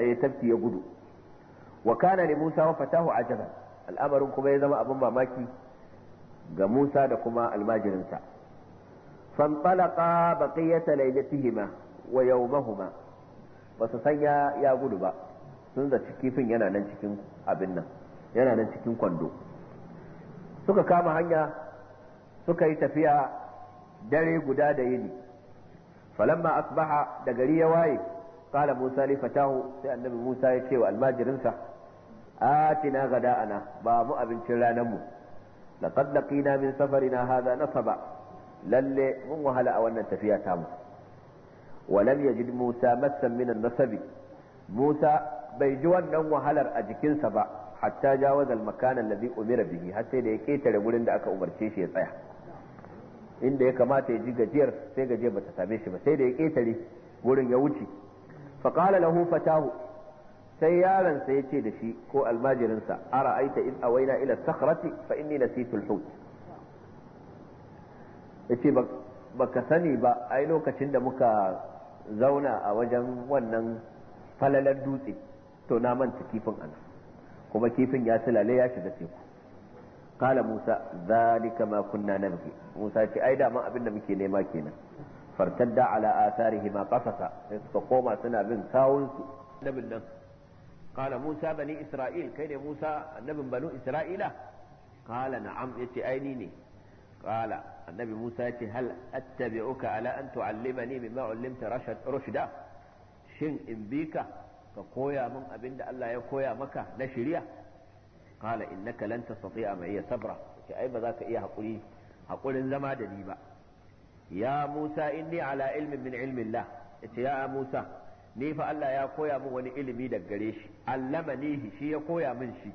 ya eh, tafki ya gudu wa kana ne Musa wa fatahu ajiyar al'amarin kuma ya zama abin mamaki ga Musa da kuma almajirinsa ya baqiyata laylatihima wa yawmahuma ba su sanya ya gudu ba sun da kifin yana nan cikin abin nan yana nan cikin kwando suka kama hanya suka yi tafiya dare guda da yini falamma asbaha da gari ya waye kala musa li fatahu sai annabi musa ya ce wa almajirinsa atina ana ba mu abincin ranar mu laqad laqina min safarina hadha nasaba lalle mun wahala a wannan tafiya tamu ولم يجد موسى مسا من النصب موسى bai ji wannan wahalar a jikinsa ba hatta jawaza al-makan alladhi umira bihi har sai da ya ketare gurin da aka umarce shi ya tsaya inda ya kamata ya ji gajiyar sai gajiyar ta same shi ba sai da ya ketare gurin ya wuce fa qala lahu fatahu sai yaron sa yace da shi ko almajirin sa ara'aita id awaina ila sakhrati fa inni nasitu al-hut yace baka sani ba ai lokacin da muka zauna a wajen wannan falalar dutse to na manta kifin ana kuma kifin ya lale ya shiga teku kala musa zalika ma kunna nabghi musa ce ai dama abin da muke nema kenan fartadda ala atharihi ma qasasa sai suka koma suna bin kawun su annabin nan kala musa bani isra'il kai ne musa annabin banu isra'ila kala na'am yace ai ni ne قال النبي موسى هل أتبعك على أن تعلمني مما علمت رشد رشدا شن إن بيك ka koya min abin da Allah ya koya maka na shari'a qala innaka lan tastati'a ma iya sabra ce ai ba za ka iya hakuri hakurin zama da ni ba ya Musa inni ala ilmin min ilmillah yace ya Musa ni fa Allah ya koya min wani ilimi daga gare shi allamanihi shi ya koya min shi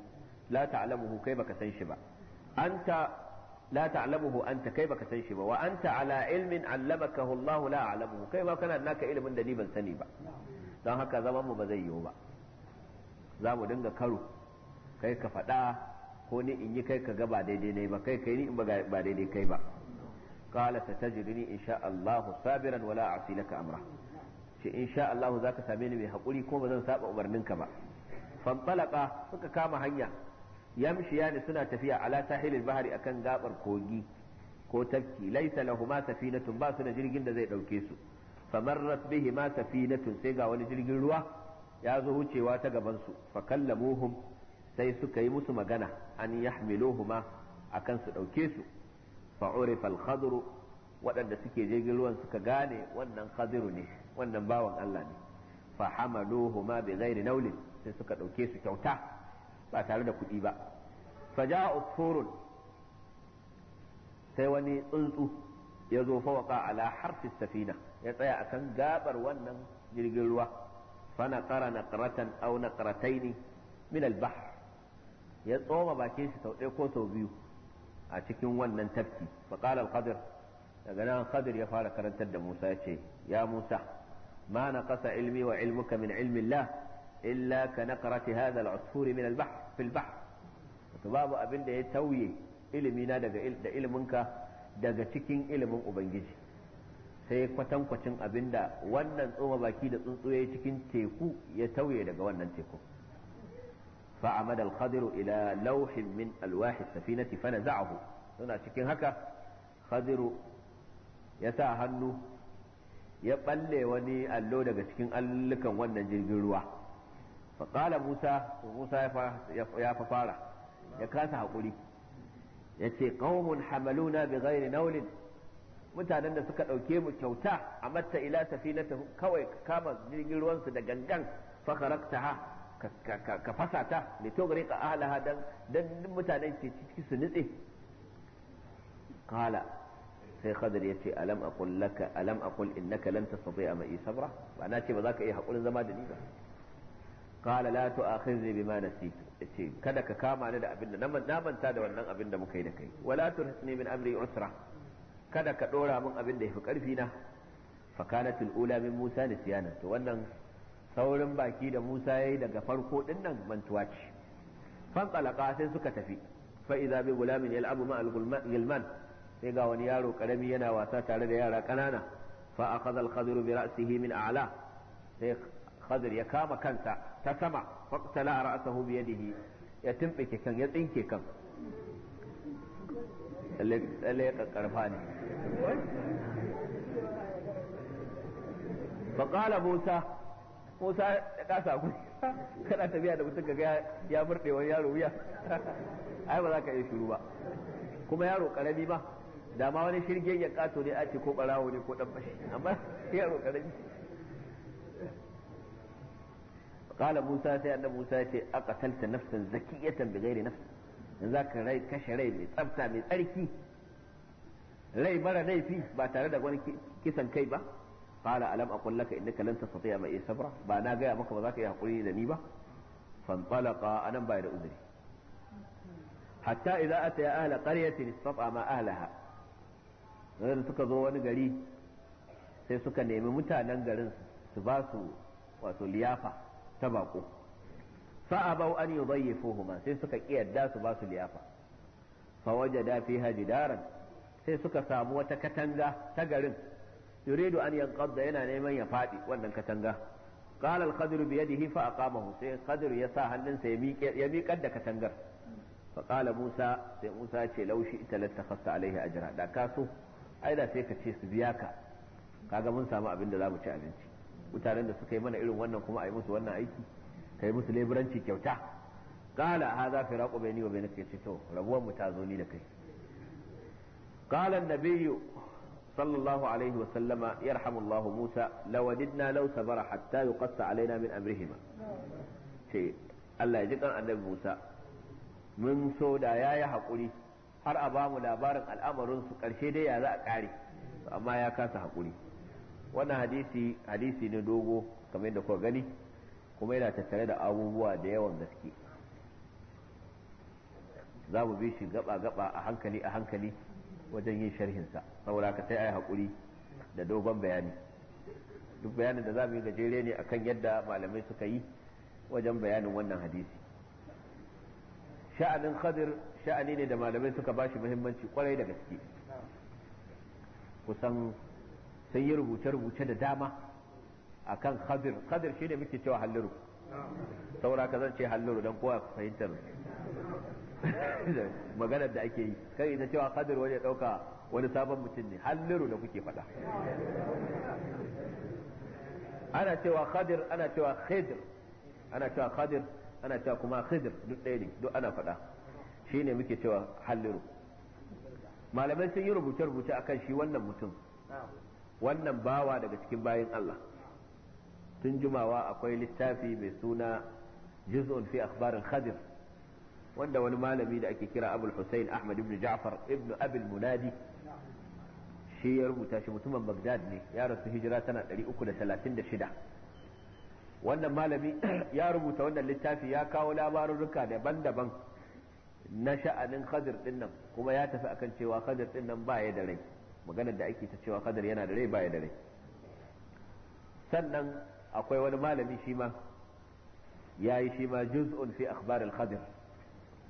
la ta'lamuhu kai baka san shi ba anta لا تعلمه أنت كيف كتنشبه وأنت على علم علمكه الله لا أعلمه كيف كان هناك علم من سني با don haka zaman mu ba zai yiwu ba za mu dinga karo kai ka faɗa ko ni in yi kai ka ga ba daidai ne ba kai kai ni in ba daidai kai ba qala satajiduni insha Allah sabiran wala a'si laka amra ce insha Allah zaka same ni mai hakuri ko ba zan saba ka ba fantalaka suka kama hanya yamshiyani suna tafiya ala sahilil bahari akan gabar kogi ko tafki laisa lahuma safinatun ba su na jirgin da zai dauke su famarrat bihi ma safinatun sai ga wani jirgin ruwa ya zo wucewa ta gaban su fa kallamuhum sai suka yi musu magana an yahmiluhuma akan su dauke su fa urifa al waɗanda suke jirgin ruwan suka gane wannan khadiru ne wannan bawan Allah ne fa hamaluhuma bi ghairi naulin sai suka dauke su kyauta ba tare da kuɗi ba fa ja'a sai wani tsuntsu ya zo fawaka ala harfi safina ya tsaya akan gabar wannan jirgin ruwa fana qara naqratan aw naqrataini min al ya tsoma bakin shi sau ɗaya ko sau biyu a cikin wannan tafki fa qala al-qadir daga nan qadir ya fara karantar da Musa ya ce ya Musa ma kasa ilmi wa ilmuka min ilmi illa ka naqrati hadha al-usfur min al-bahr fi al-bahr babu abin da ya tauye ilmina daga da ilminka daga cikin ilimin ubangiji sai kwatankwacin abinda wannan tsoma baki da tsuntsuye cikin teku ya tauye daga wannan teku فعمد الخضر إلى لوح من ألواح السفينة فنزعه suna cikin haka خضر ya sa hannu ya balle wani allo daga cikin allukan wannan jirgin ruwa faƙala musa musa ya fa fara ya kasa haƙuri yace qaumun hamaluna bi ghairi naulin mutanen da suka ɗauke mu kyauta a matta ila na safinatahum kawai kama jirgin ruwansu da gangan fakharaktaha ka fasa ta li tughriqa ahlaha dan dan mutanen ke ciki su nitse qala sai khadir yace alam aqul laka alam aqul innaka lan tastati'a ma'i sabra ba na ce ba za ka iya haƙurin zama da ni ba qala la tu'akhidhni bima nasitu yace kada ka kama ni da abin da na manta da wannan abin da muka yi da kai wala turhisni min amri usra kada ka dora min abin da yafi karfi na fa kanat ula min musa da siyana to wannan saurin baki da musa yayi daga farko din nan mantuwa ce fan sai suka tafi fa idza bi gulamin yal'abu ma al-gulman sai ga wani yaro karami yana wasa tare da yara kanana fa akhadha al-khadru bi ra'sihi min a'la sai khadir ya kama kansa ta sama faqtala ra'sahu bi yadihi ya tumbike kan ya tsinke kan tsalle ya karfa ne faqala musa musa ya ƙasa ku kana tafiya da mutum ga ya burɗe wani yaro wuya ai ba za ka iya shiru ba kuma yaro ƙarami ba da ma wani shirge ya ƙato ne a ce ko ɓarawo ne ko dan fashi amma yaro ƙarami kala musa sai annabi musa yace aqatalta nafsan zakiyatan bighairi nafs in zaka rai kashe rai mai tsafta mai tsarki rai mara laifi ba tare da wani kisan kai ba qala alam aqul laka innaka lan tastati'a ba na gaya maka ba zaka yi hakuri da ni ba fantalaqa anan bai da uzuri hatta idza ataya ahla qaryatin istata ma ahlaha da suka zo wani gari sai suka nemi mutanen garin su basu wasu liyafa ta bako fa abau an yudayyifuhuma sai suka kiyarda su ba su liyafa da wajada haji jidaran sai suka samu wata katanga ta garin yuridu an yanqadda yana neman ya fadi wannan katanga qala al-qadr bi yadihi fa aqamahu sai qadr ya sa hannunsa ya miƙe ya miƙar da katangar fa qala musa sai musa ce laushi ita lattakhasta alaihi ajra da ka so ai da sai ka ce su biya ka kaga mun samu abin da zamu ci abinci mutanen da suka yi mana irin wannan kuma a yi musu wannan aiki kai musu leburanci kyauta za hadha firaqu bayni wa bainaka yace to rabuwar mu ta zo ni da kai qala an-nabiyyu sallallahu alaihi wa sallama yarhamu Allah Musa lawadidna law sabara hatta yuqatta alaina min amrihima ce Allah ya ji kan annabi Musa mun so da yayi hakuri har a bamu labarin al'amarin su karshe dai ya za a kare amma ya kasa hakuri wannan hadisi hadisi ne dogo kamar yadda kuka gani kuma yana tattare da abubuwa da yawan gaske za mu bi shi gaba-gaba a hankali a hankali wajen yin sharhinsa saboda ka sai a yi haƙuri da dogon bayani duk bayanin da za mu yi gajere ne akan yadda malamai suka yi wajen bayanin wannan hadisi sha'anin khadir sha'ani ne da malamai suka ba shi muhimmanci kwarai da gaske kusan sai ya rubuce rubuce da dama akan khadir khadir shine muke cewa halliru saura ka zan ce halliru dan kowa fahimtar maganar da ake yi kai ita cewa khadir wani ya dauka wani sabon mutum ne halliru da kuke faɗa ana cewa khadir ana cewa khidir ana cewa khadir ana cewa kuma khidir duk ɗaya ne duk ana faɗa shine muke cewa halliru malamai sun yi rubuce-rubuce akan shi wannan mutum wannan bawa daga cikin bayin Allah tun jumawa akwai littafi mai suna juz'un fi akhbarin khadir wanda wani malami da ake kira abul husayn ahmad ibn ja'far ibn abul munadi shi ya rubuta shi mutumin bagdad ne ya rasu hijira tana 336 wannan malami ya rubuta wannan littafi ya kawo labarurruka daban-daban na sha'anin khadir din nan kuma ya tafi akan cewa khadir din nan ba ya da rai maganar da ake ta cewa qadar yana da rai baya da rai sannan akwai wani malami shi ma yi shi ma juz'un fi akhbar al-qadr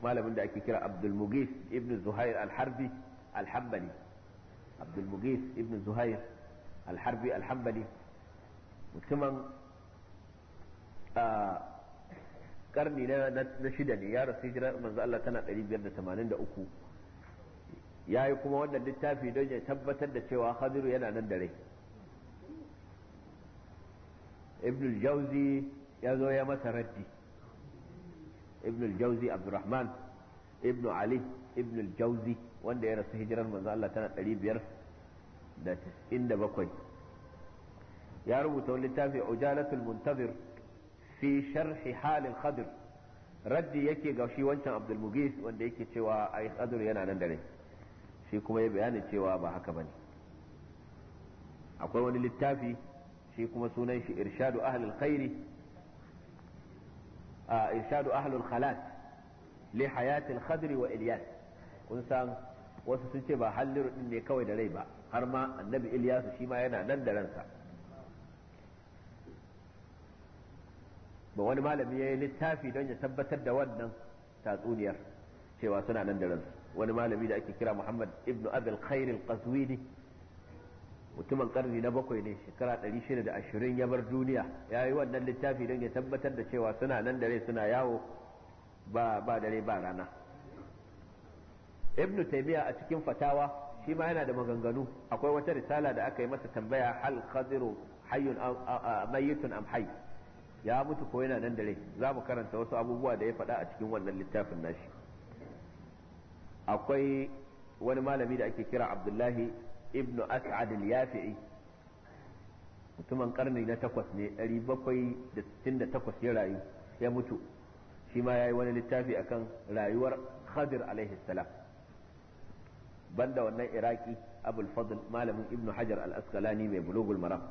malamin da ake kira Abdul Mughis ibn Zuhair al-Harbi al-Hanbali Abdul Mughis ibn Zuhair al-Harbi al-Hanbali mutumin karni na shida ne ya rasu hijirar manzo Allah tana 583 ya yi kuma wannan littafi don ya tabbatar da cewa khadiru yana nan da rai ibnul jauzi ya zo ya masa raddi ibnul jauzi abdurrahman ibnu ali ibnul jauzi wanda ya rasu hijirar manzo Allah tana 597 ya rubuta wani littafi ujalatul muntazir fi sharhi halin khadir raddi yake ga shi wancan abdul mugis wanda yake cewa ai khadir yana nan da rai shi kuma ya bayani cewa ba haka bane akwai wani littafi shi kuma sunan shi irshadu ahlul khairi a irshadu ahlul khalat li hayatil khadri wa ilyas kun san wasu sun ce ba halliru din ne kawai da rai ba har ma annabi ilyasu shi ma yana nan da ransa ba wani malami ya yi littafi don ya tabbatar da wannan tatsuniyar cewa suna nan da ransu wani malami da ake kira Muhammad ibn Abdul Khair al qazwini mutumin karni na bakwai ne shekara 620 ya bar duniya ya yi wannan littafi don ya tabbatar da cewa suna nan dare suna yawo ba ba dare ba rana ibn taymiya a cikin fatawa shi ma yana da maganganu akwai wata risala da aka yi masa tambaya hal khadiru hayyun mayyitun am hayy ya mutu ko yana nan dare za mu karanta wasu abubuwa da ya faɗa a cikin wannan littafin nashi akwai wani malami da ake kira abdullahi ibnu as'ad al-yafi'i mutumin karni na takwas ne 768 ya rayu ya mutu shi ma yayi wani littafi akan rayuwar khadir alaihi salam banda wannan iraki abul fadl malamin ibnu hajar al-asqalani mai bulugul maram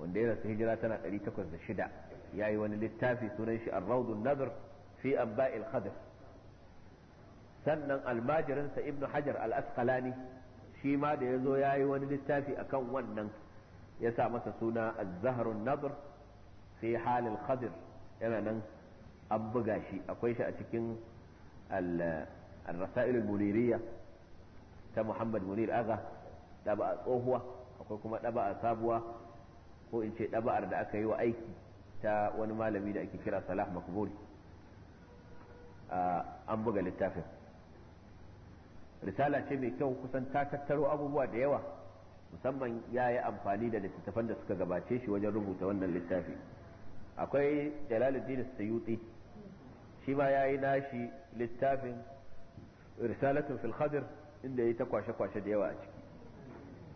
wanda ya hijira tana 806 yayi wani littafi sunan shi ar rawd an nadr fi anba'il khadir sannan almajirinsa ibnu hajar al shi ma da ya zo ya yi wani littafi akan wannan ya sa masa suna az-zahrun nadr fi halil khadir yana nan an buga shi akwai shi a cikin al-rasail al ta muhammad munir aga daba tsohuwa akwai kuma daba sabuwa ko in ce daba'ar da aka yi wa aiki ta wani malami da ake kira salah makburi an buga littafin risala ce mai kyau kusan ta tattaro abubuwa da yawa musamman ya yi amfani da littattafan da suka gabace shi wajen rubuta wannan littafi akwai jalaluddin suyuti shi ma ya yi nashi littafin risalatun fil khadir inda ya yi ta kwashe-kwashe da yawa a ciki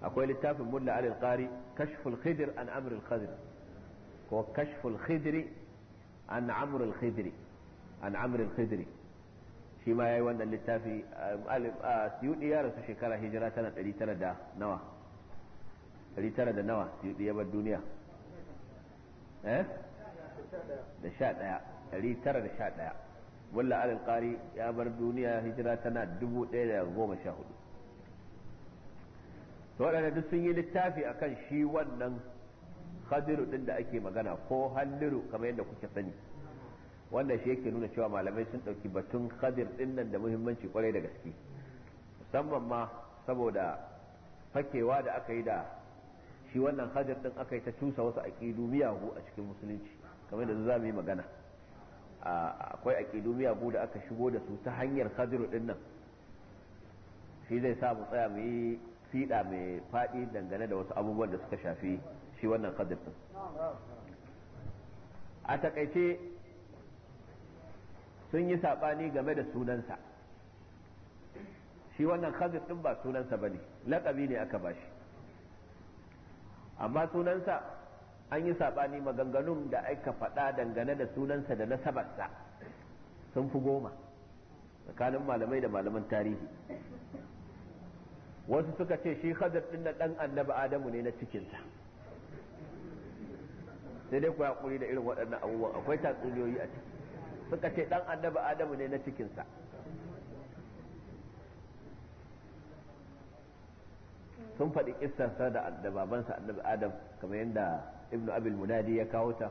akwai littafin mulla alil qari kashful khidir an amrul khadir ko kashful khidri an amrul khidri an amrul khidri shi ma yi wannan littafi a siyudi ya rasu shekara hijira tana 900 da nawa 900 da nawa siyudi ya bar duniya eh da sha 911 mulla alin ƙari ya bar duniya hijira tana dubu ɗaya da goma sha hudu to waɗanda duk sun yi littafi akan shi wannan khadiru ɗin da ake magana ko halliru kamar yadda kuke sani Wanda shi yake nuna cewa malamai sun ɗauki batun khadir ɗin nan da muhimmanci kwarai da gaske musamman ma saboda fakewa da aka yi da shi wannan khadir ɗin aka yi ta cusa wasu aƙidu miyagu a cikin musulunci kamar da za mu yi magana akwai aƙidu miyagu da aka shigo da su ta hanyar khadir ɗin nan shi zai sa mu tsaya mu yi fiɗa mai faɗi dangane da wasu abubuwan da suka shafi shi wannan khadir ɗin a takaice sun yi saɓani game da sunansa shi wannan khazir ɗin ba sunansa bane laƙabi ne aka bashi amma sunansa an yi saɓani maganganun da aka faɗa dangane da sunansa da nasabarsa sun fi goma tsakanin malamai da malaman tarihi wasu suka ce shi khazir ɗin na dan annabi adamu ne na cikinsa sai dai ku hakuri da irin waɗannan abubuwan akwai tatsuniyoyi a ciki suka ce dan annabi adamu ne na cikinsa sun faɗi kissarsa da babansa annabi adam kamar yadda ibnu abil munadi ya kawo ta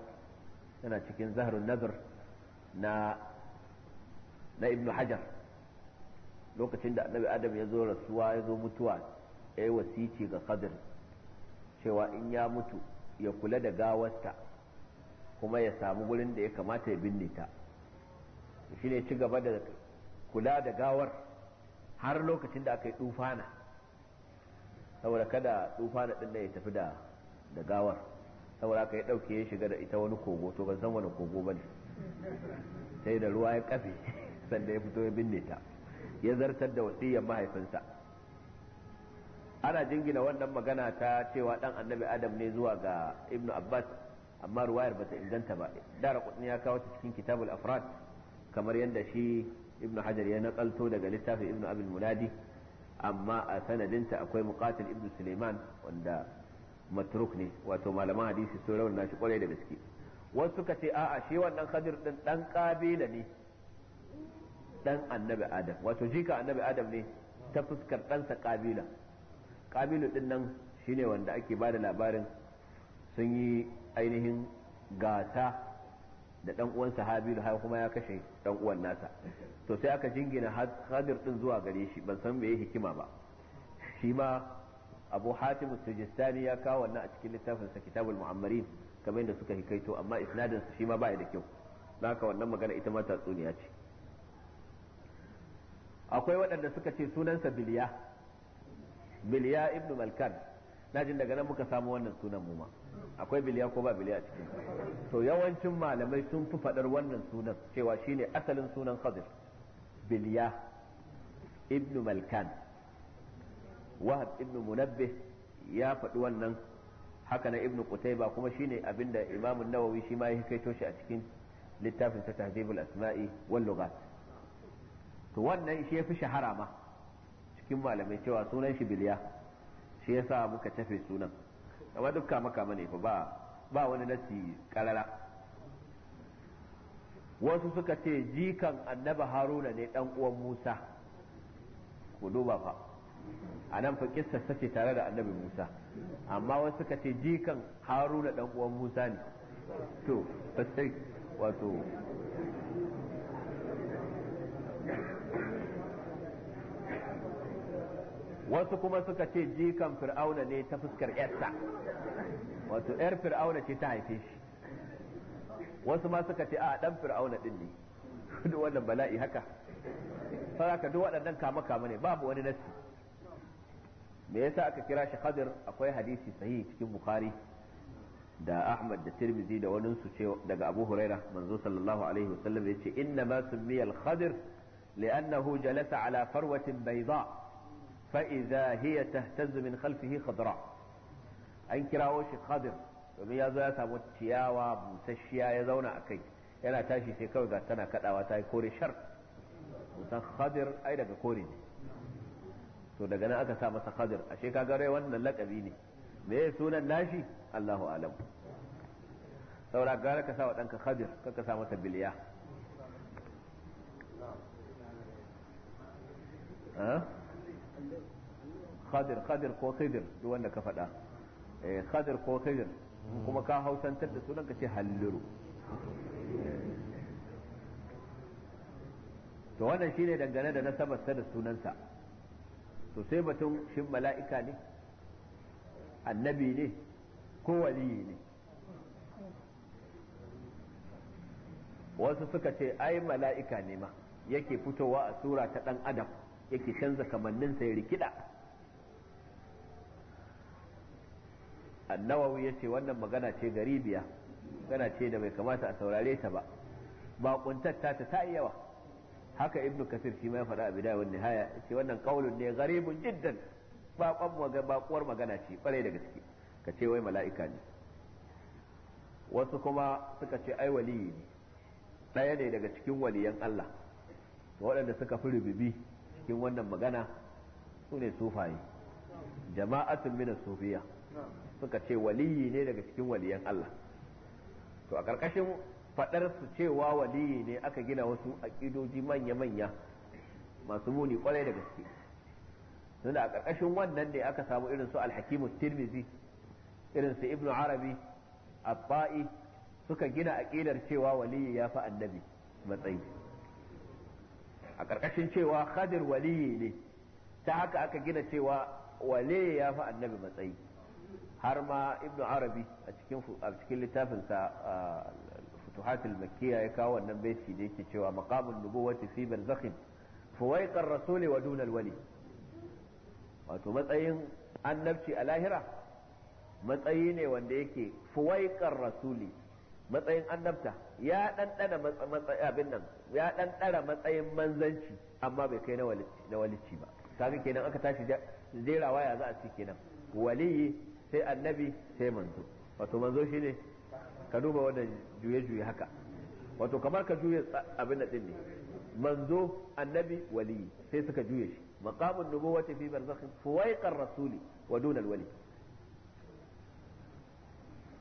tana cikin zahrun nazar na na ibnu hajar lokacin da annabi adam ya zo rasuwa ya zo mutuwa ya yi wasici ga khadir cewa in ya mutu ya kula da gawarta kuma ya samu gurin da ya kamata ya binne ta shi ne ci gaba da kula da gawar har lokacin da aka yi tufana saboda kada tufana din ya tafi da da gawar saboda aka yi dauke ya shiga da ita wani kogo to ban san wani kogo ba ne sai da ruwa ya kafe sanda ya fito ya binne ta ya zartar da wasiyyar mahaifinsa ana jingina wannan magana ta cewa dan annabi adam ne zuwa ga ibnu abbas amma ruwayar ba ta inganta ba dara kudin ya kawo ta cikin kitabul afrad kamar yadda shi ibn hajar ya nakalto daga littafin ibn abul munadi amma a sanadinta akwai muqatil ibn suleiman wanda matruk ne wato malaman hadisi sun rauna shi kwarai da gaske wasu suka ce a'a shi wannan khadir din dan kabila ne dan annabi adam wato jika annabi adam ne ta fuskar ɗansa kabila kabilu din nan shine wanda ake bada labarin sun yi ainihin gasa da dan uwansa habilu har kuma ya kashe dan uwan nasa to sai aka jingina hadir din zuwa gare shi ban san meye hikima ba shi ma abu hatim sujistani ya kawo wannan a cikin littafin sa kitabul mu'ammarin kamar da suka hikaito amma isnadin shi ma ba da kyau haka wannan magana ita ma tatsuniya ce akwai waɗanda suka ce sunansa biliya biliya Ibn malkan najin jin daga nan muka samu wannan sunan mu ma akwai biliya ko ba biliya cikin to yawancin malamai sun fi fadar wannan sunan cewa shine asalin sunan khadir biliya ibn malkan wahab ibn munabbih ya faɗi wannan haka na ibn qutayba kuma shine abinda imam an-nawawi shi ma ya kaito shi a cikin littafin sa tahzibul asma'i wal lughat to wannan shi yafi shahara ma cikin malamai cewa sunan shi biliya shi yasa muka tafe sunan amma duk kama kama ne fa ba ba wani nasi karara wasu suka ce jikan annaba haruna ne dan uwan musa ku duba fa a nan fa kissar ce tare da annabi musa amma wasu suka ce jikan haruna dan uwan musa ne to sai wato wasu kuma suka ce jikan fir'auna ne ta fuskar yarsa wato yar fir'auna ce ta haife shi wasu ma suka ce a dan fir'auna din ne duk wannan bala'i haka saboda duk waɗannan kama kama ne babu wani nasi me yasa aka kira shi khadir akwai hadisi sahihi cikin bukhari da Ahmad da Tirmidhi da wani su ce daga Abu Huraira manzo sallallahu alaihi wasallam yace inna ma sumiya al-Khadir li'annahu jalasa ala farwatin bayda فإذا هي تهتز من خلفه خضراء أن كراوش خضر ومن يزوات متشياوة متشيا يزونا أكيد يلا تاشي سيكو ذاتنا كتا واتاي كوري شر متخضر أي لك كوري دي تو لغنا أكا سامة خضر أشيكا غري وانا لك أبيني ميه سونا ناشي الله أعلم سولا غالك سوى تنك خضر كتا سامة بلياه Huh? khadir khadir ko khidir duk wanda ka faɗa eh, khadir ko khidir kuma ka hausantar da sunan ka ce halliru to wannan shine dangane da nasabarsa da sunansa to sai batun shin mala'ika ne annabi ne ko waliyi ne wasu suka ce ai mala'ika ne ma yake fitowa a sura ta dan adam yake canza kamanninsa ya rikida annawawi ya ce wannan magana ce garibiya magana ce da bai kamata a saurare ta ba baƙuntar ta ta yawa haka ibnu kasir shi mai ya faɗa a bidaya wani haya ce wannan kaulun ne garibun jiddan baƙon magana ce bare da gaske ka ce wai mala'ika ne wasu kuma suka ce ai waliyi ne ɗaya ne daga cikin waliyan Allah waɗanda suka fi rububi cikin wannan magana su ne sufaye jama'atun min sufiya suka ce waliyi ne daga cikin waliyan Allah to a ƙarƙashin faɗar su cewa waliyi ne aka gina wasu aƙidoji manya-manya masu muni kwarai da gaske da a ƙarƙashin wannan ne aka samu irin su alhakimu tirmizi irin su ibnu arabi abba'i suka gina aƙidar cewa waliyi ya fi annabi matsayi a ƙarƙashin cewa khadir waliyi ne ta haka aka gina cewa wale ya fi annabi matsayi har ma ibnu arabi a cikin littafinsa futuhatul makkiya ya kawo wannan baiti da yake cewa maqamun nubuwati fi barzakhin fuwaiqar rasuli wa dunal wali wato matsayin annabci a lahira matsayi ne wanda yake fuwaiqar rasuli matsayin annabta ya ɗanɗana abin nan ya ɗanɗara matsayin manzanci amma bai kai na walici ba kaga kenan aka tashi jerawa ya za a ci kenan waliyi sai annabi sai manzo wato manzo shi ne ka duba wannan juye-juye haka wato kamar ka juye abin da ɗin ne manzo annabi waliyi sai suka juye shi maqamun nubuwati fi barzakhin fuwaiqar rasuli wa dunal wali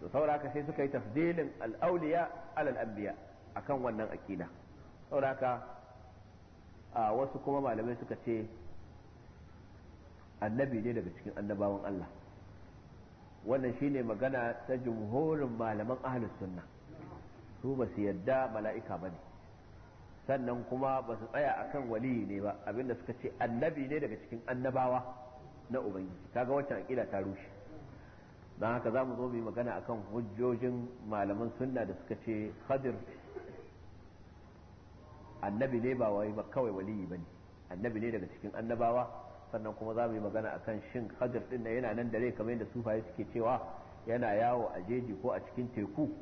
to sauraka sai suka yi tafdilin al-awliya alal anbiya akan wannan akida sauraka a wasu kuma malamai suka ce annabi ne daga cikin annabawan Allah wannan shine magana ta jumhurin malaman ahlus sunna su ba su yadda mala'ika ba ne sannan kuma ba su tsaya akan waliyi ne ba abinda suka ce annabi ne daga cikin annabawa na ubangiji kaga wancan aƙida ta rushe don haka za mu zo mu yi magana akan hujjojin malaman sunna da suka ce khadir annabi ne ba wai ba kawai waliyi bane annabi ne daga cikin annabawa sannan kuma za mu yi magana akan shin khadir din nan yana nan da rai kamar yadda sufaye suke cewa yana yawo a jeji ko a cikin teku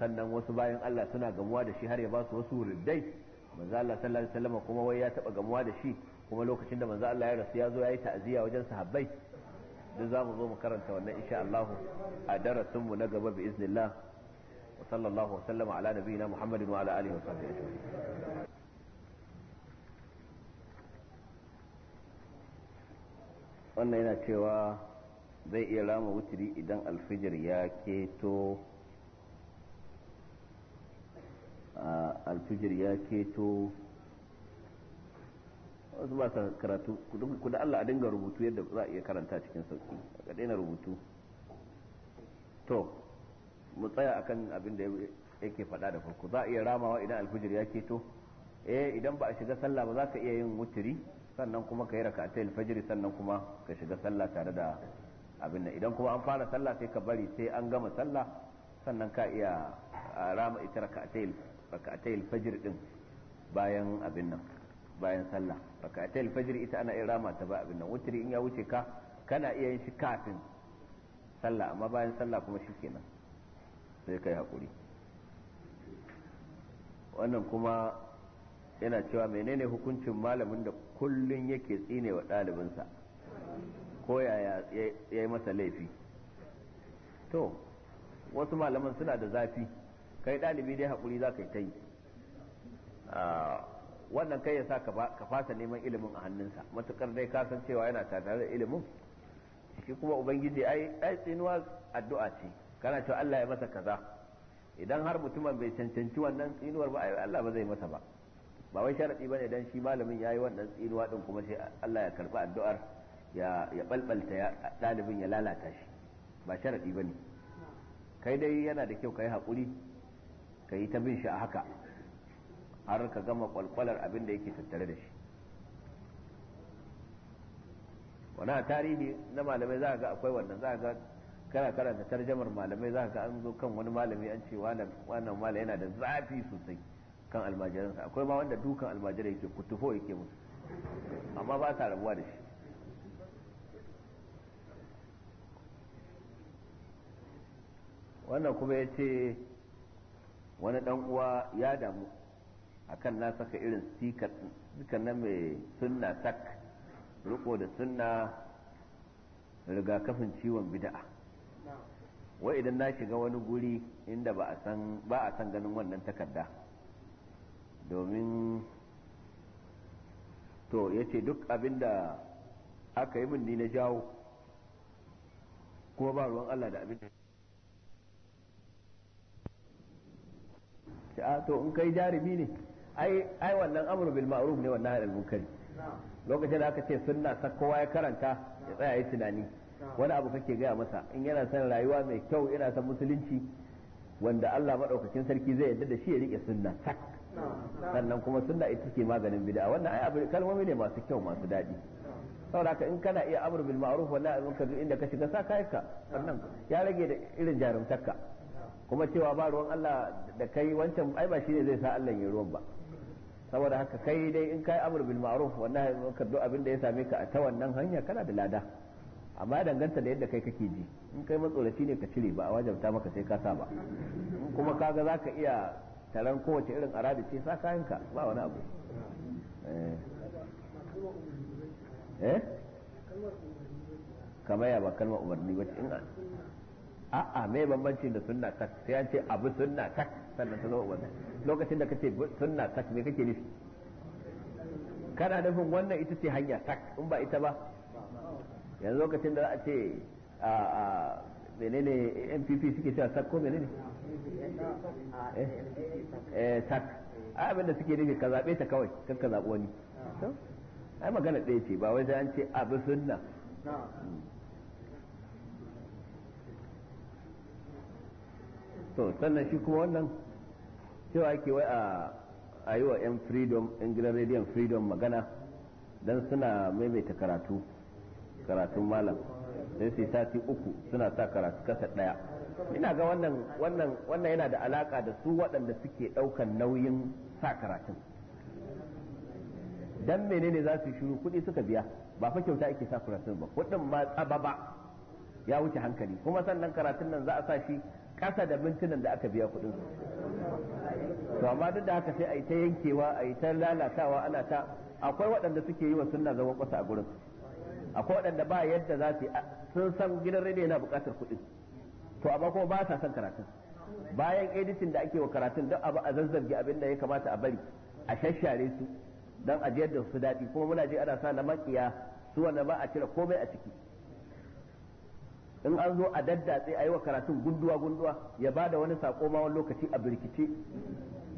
sannan wasu bayan Allah suna gamuwa da shi har ya ba su wasu riddai manzo Allah sallallahu alaihi wasallam kuma wai ya taba gamuwa da shi kuma lokacin da manzo Allah ya rasu ya zo ya yi ta'aziyya wajen sahabbai duk za mu zo mu karanta wannan insha Allah a darasin mu na gaba bi iznillah wa sallallahu wa sallama ala nabiyina Muhammadin wa ala alihi wa sahbihi ajma'in wannan yana cewa zai iya rama wuturi idan alfijir ya keto alfijir ya keto wasu ba sa karatu ku da Allah a dinga rubutu yadda za a iya karanta cikin sauki a daina rubutu to mu tsaya akan abin da yake faɗa da farko za a iya ramawa idan alfijir ya keto eh idan ba a shiga sallah ba za ka iya yin wutiri sannan kuma ka yi raka'atai alfajiri sannan kuma ka shiga sallah tare da abin nan idan kuma an fara sallah sai ka bari sai an gama sallah sannan ka iya rama ita raka'atai alfijir din bayan abin nan bayan sallah baka ta alfajir ita ana iya rama ta ba abin nan wutri in ya wuce ka kana iya yin shi kafin sallah amma bayan sallah kuma shikenan sai kai hakuri wannan kuma yana cewa menene hukuncin malamin da kullun yake tsine wa ɗalibinsa ko ya yi masa laifi to wasu malaman suna da zafi kai ɗalibi dai hakuri za ka yi ta yi ah, wannan kai ya sa ka fasa neman ilimin a hannunsa matukar dai ka san cewa yana tare da ilimin shi kuma ubangiji ai ai tsinuwa addu'a ce kana cewa Allah ya masa kaza idan har mutumin bai cancanci wannan tsinuwar ba Allah ba zai masa ba ba wai sharadi bane dan shi malamin yayi wannan tsinuwa din kuma sai Allah ya karba addu'ar ya ya balbalta ya dalibin ya lalata shi ba sharadi bane kai dai yana da kyau kai hakuri kai ta bin shi a haka har ka gama kwalkwalar abin da yake tattare da shi wani a tarihi na malamai za ga akwai wannan za ga kana karanta tarjamar malamai za ga an zo kan wani malami an ce wannan malami yana da zafi sosai kan almajiransa akwai ma wanda dukan almajirai yake kutufo yake musu amma ba sa rabuwa da shi wannan kuma ya ce wani uwa ya damu akan na saka irin sticker duka na mai sunna tak riko da sunna rigakafin ciwon bid'a wai idan na shiga wani guri inda ba a san ganin wannan takarda domin to ya ce duk abinda aka yi min ni na jawo kuma ba ruwan Allah da abin da to in kai jarumi ne ai wannan amru bil ma'ruf ne wannan halin munkari lokacin da aka ce sunna sa kowa ya karanta ya tsaya ya tunani wani abu kake gaya masa in yana son rayuwa mai kyau yana son musulunci wanda Allah madaukakin sarki zai yarda da shi ya rike sunna sak sannan kuma sunna ita ke maganin bid'a wannan ai abu kalmomi ne masu kyau masu daɗi saboda in kana iya amru bil ma'ruf wa nahy munkar inda ka shiga sa kai ka sannan ya rage da irin jarumtarka kuma cewa ba ruwan Allah da kai wancan ai ba shine zai sa Allah ya ruwan ba saboda haka kai dai in kai amur bil ma'ruf wannan ka duk abin da ya same ka a ta wannan hanya kana da lada amma danganta da yadda kai kake ji in kai matsoraci ne ka cire ba a wajabta maka sai ka sa ba kuma kaga zaka iya taran kowace irin arabi ce sa kayanka ba wani abu eh, eh? kamar ya ba kalmar umarni wace in a'a me bambancin da sunna tak sai an ce abu sunna tak sannan ta zama wannan lokacin da kace sunna tak me kake nufi kana nufin wannan ita ce hanya tak in ba ita ba yanzu lokacin da za a ce a a menene MPP suke cewa tak ko menene eh, eh tak abin da suke nufi ka zabe ta kawai kan ka zabi wani ai magana ɗaya ce ba wai sai an ce abu sunna to sannan shi kuma wannan cewa ake wai a yi wa 'yan freedom yan gidan rediyon freedom magana don suna maimaita karatu karatun malam sai su sati uku suna sa karatu kasa daya ina ga wannan wannan wannan yana da alaka da su waɗanda suke ɗaukan nauyin sa karatun dan menene za su shiru kuɗi suka biya ba fa kyauta ake sa karatun ba kuɗin ma tsaba ya wuce hankali kuma sannan karatun nan za a sa shi kasa da mintunan da aka biya kuɗin to amma duk da haka sai a yi ta yankewa a yi ta lalatawa ana ta akwai waɗanda suke yi wa sunna zaman ƙasa a gurin akwai waɗanda ba yadda za su sun san gidan rediyo yana buƙatar kuɗin to amma kuma ba sa son karatun bayan editin da ake wa karatun don abu a zazzabi abin da ya kamata a bari a shashare su don a jiyar da su daɗi kuma muna je ana sa na makiya su wanda ba a cire komai a ciki in an zo a daddatse a yi wa karatun gunduwa gunduwa ya ba da wani sako ma wani lokaci a birkice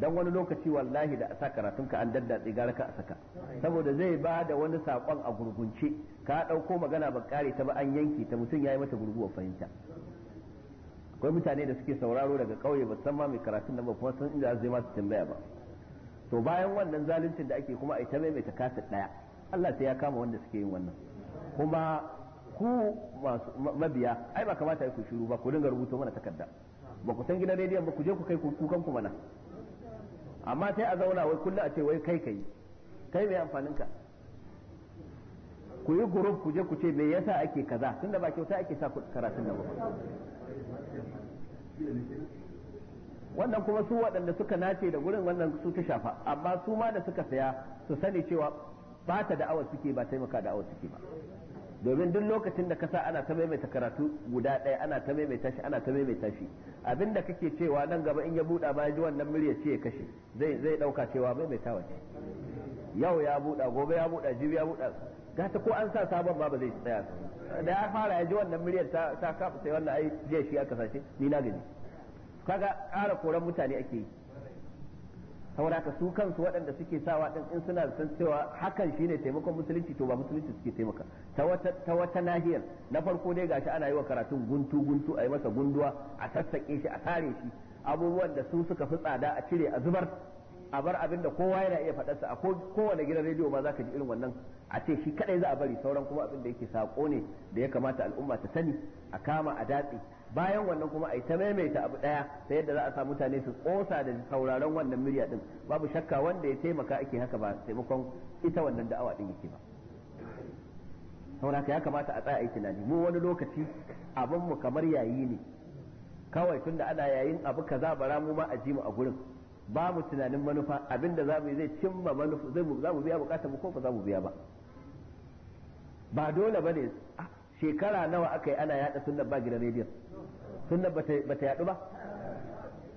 don wani lokaci wallahi da a sa karatun ka an daddatse gara ka a saka saboda zai ba da wani sakon a gurgunce ka ɗauko magana ba kare ta ba an yanke ta mutum ya yi mata gurguwar fahimta akwai mutane da suke sauraro daga ƙauye ba san ma mai karatun nan ba kuma san inda zai masu tambaya ba to bayan wannan zaluncin da ake kuma a ta maimaita kasa daya Allah sai ya kama wanda suke yin wannan kuma ku masu mabiya ai ba kamata ku shiru ba ku dinga rubuto mana takarda ba ku san gidan rediyon ba ku je ku kai kukan ku mana amma sai a zauna wai kullum a ce wai kai kai kai mai amfanin ka ku yi group ku je ku ce me yasa ake kaza tunda ba kyauta ake sa karatun da ba wannan kuma su waɗanda suka nace da gurin wannan su ta shafa amma su ma da suka saya su sani cewa ba ta da'awar suke ba taimaka da'awar suke ba domin duk lokacin da kasa ana ta maimaita karatu guda ɗaya ana ta maimaita shi ana ta maimaita shi abinda kake cewa nan gaba in ya buɗa ba ya ji wannan murya ce ya kashe zai zai ɗauka cewa maimaita wace yau ya buɗa gobe ya buɗa jibi ya buɗa gata ko an sa sabon ba ba zai tsaya da ya fara ya ji wannan muryar ta ta kafa sai wannan ai jiya shi aka sace ni na gani kaga ƙara koran mutane ake yi saboda haka su kansu waɗanda suke sawa ɗin in suna san cewa hakan shine taimakon musulunci to ba musulunci suke taimaka ta wata nahiyar na farko dai gashi ana yi wa karatun guntu guntu a yi masa gunduwa a sassaƙe shi a tare shi abubuwan da su suka fi tsada a cire a zubar a bar abin da kowa yana iya faɗarsa a kowane gidan rediyo ma za ka ji irin wannan a ce shi kadai za a bari sauran kuma abin da yake sako ne da ya kamata al'umma ta sani a kama a datse bayan wannan kuma yi ta maimaita abu daya ta yadda za a sa mutane su kosa da sauraron wannan murya din babu shakka wanda ya taimaka ake haka ba taimakon ita wannan da'awa din yake ba saboda ya kamata a tsaya yi tunani mu wani lokaci abin mu kamar yayi ne kawai tun da ana yayin abu kaza bara mu ma a ji mu a gurin ba mu tunanin manufa abinda za mu yi zai cimma manufa zai mu za mu biya bukatar mu ko ba za mu biya ba ba dole bane shekara nawa aka yi ana yada sunan ba gidan rediyon sunna ta yadu ba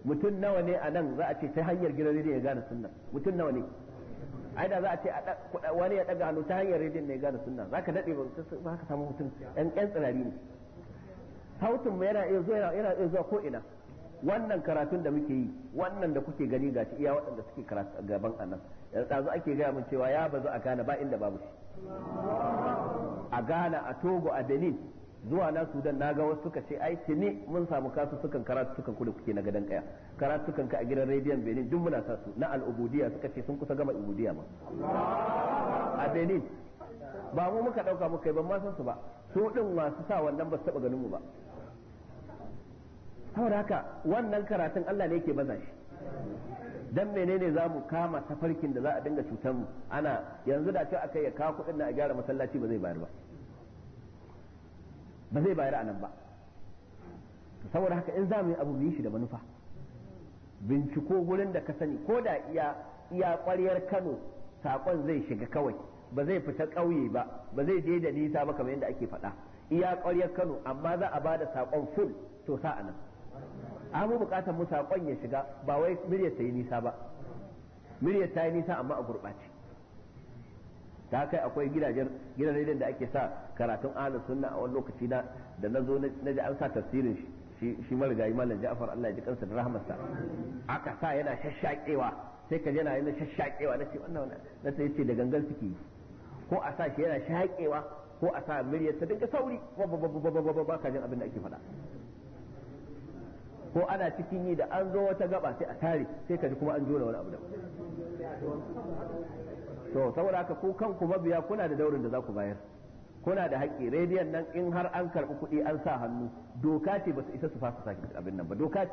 mutum nawa ne a nan za a ce ta hanyar gidan rediyo ya gane sunna mutum nawa ne ai da za a ce wani ya daga hannu ta hanyar rediyon ne ya gane sunna zaka dade ba ka samu mutum yan yan tsirari ne hautun mu yana iya zuwa yana iya zuwa ko ina wannan karatun da muke yi wannan da kuke gani ga iya waɗanda suke karatu gaban annan yanzu ɗazu ake gaya min cewa ya bazu a gane ba inda babu shi a gane a Togo a Benin zuwa na sudan na ga wasu suka ce ai ne mun samu kasu sukan karatu sukan kuda kuke na gadan kaya karatu sukan ka a gidan rediyon benin duk muna sa su na al'ubudiya suka ce sun kusa gama ubudiyya ma a benin ba mu muka dauka muka yi ban ma san su ba su din masu sa wannan ba su taba ganin mu ba saboda haka wannan karatun Allah ne ke baza shi dan menene za mu kama tafarkin da za a dinga cutar mu ana yanzu da ce aka ya kawo kuɗin na a gyara masallaci ba zai bayar ba ba zai bayar a nan ba saboda haka in za mu yi abu mu yi shi da manufa binciko gurin da ka sani ko da iya iya kwaryar Kano sakon zai shiga kawai ba zai fita ƙauye ba ba zai je da nisa ba kamar yadda ake faɗa iya ƙwariyar Kano amma za a bada sakon full to sa anan mu buƙatar mu sakon ya shiga ba wai muryar ta yi nisa ba muryar ta yi nisa amma a gurɓace ta kai akwai gidajen gidajen da ake sa karatun ahlus sunna a wani lokaci na da na zo na ji an sa tafsirin shi shi marigayi malam Ja'far Allah ya ji kansa da rahmarsa aka sa yana shashakewa sai ka yana yana shashakewa ce wannan na sai yace da gangan suke yi ko a sa shi yana shakewa ko a sa miryar ta dinka sauri ba ka jin abin ake faɗa ko ana cikin yi da an zo wata gaba sai a tare sai ka kuma an jona wani abu da to saboda haka ku kanku mabiya kuna da daurin da za ku bayar kuna da haƙƙi rediyon nan in har an karɓi kuɗi an sa hannu doka ce ba su isa su fasa sake abin nan ba doka ce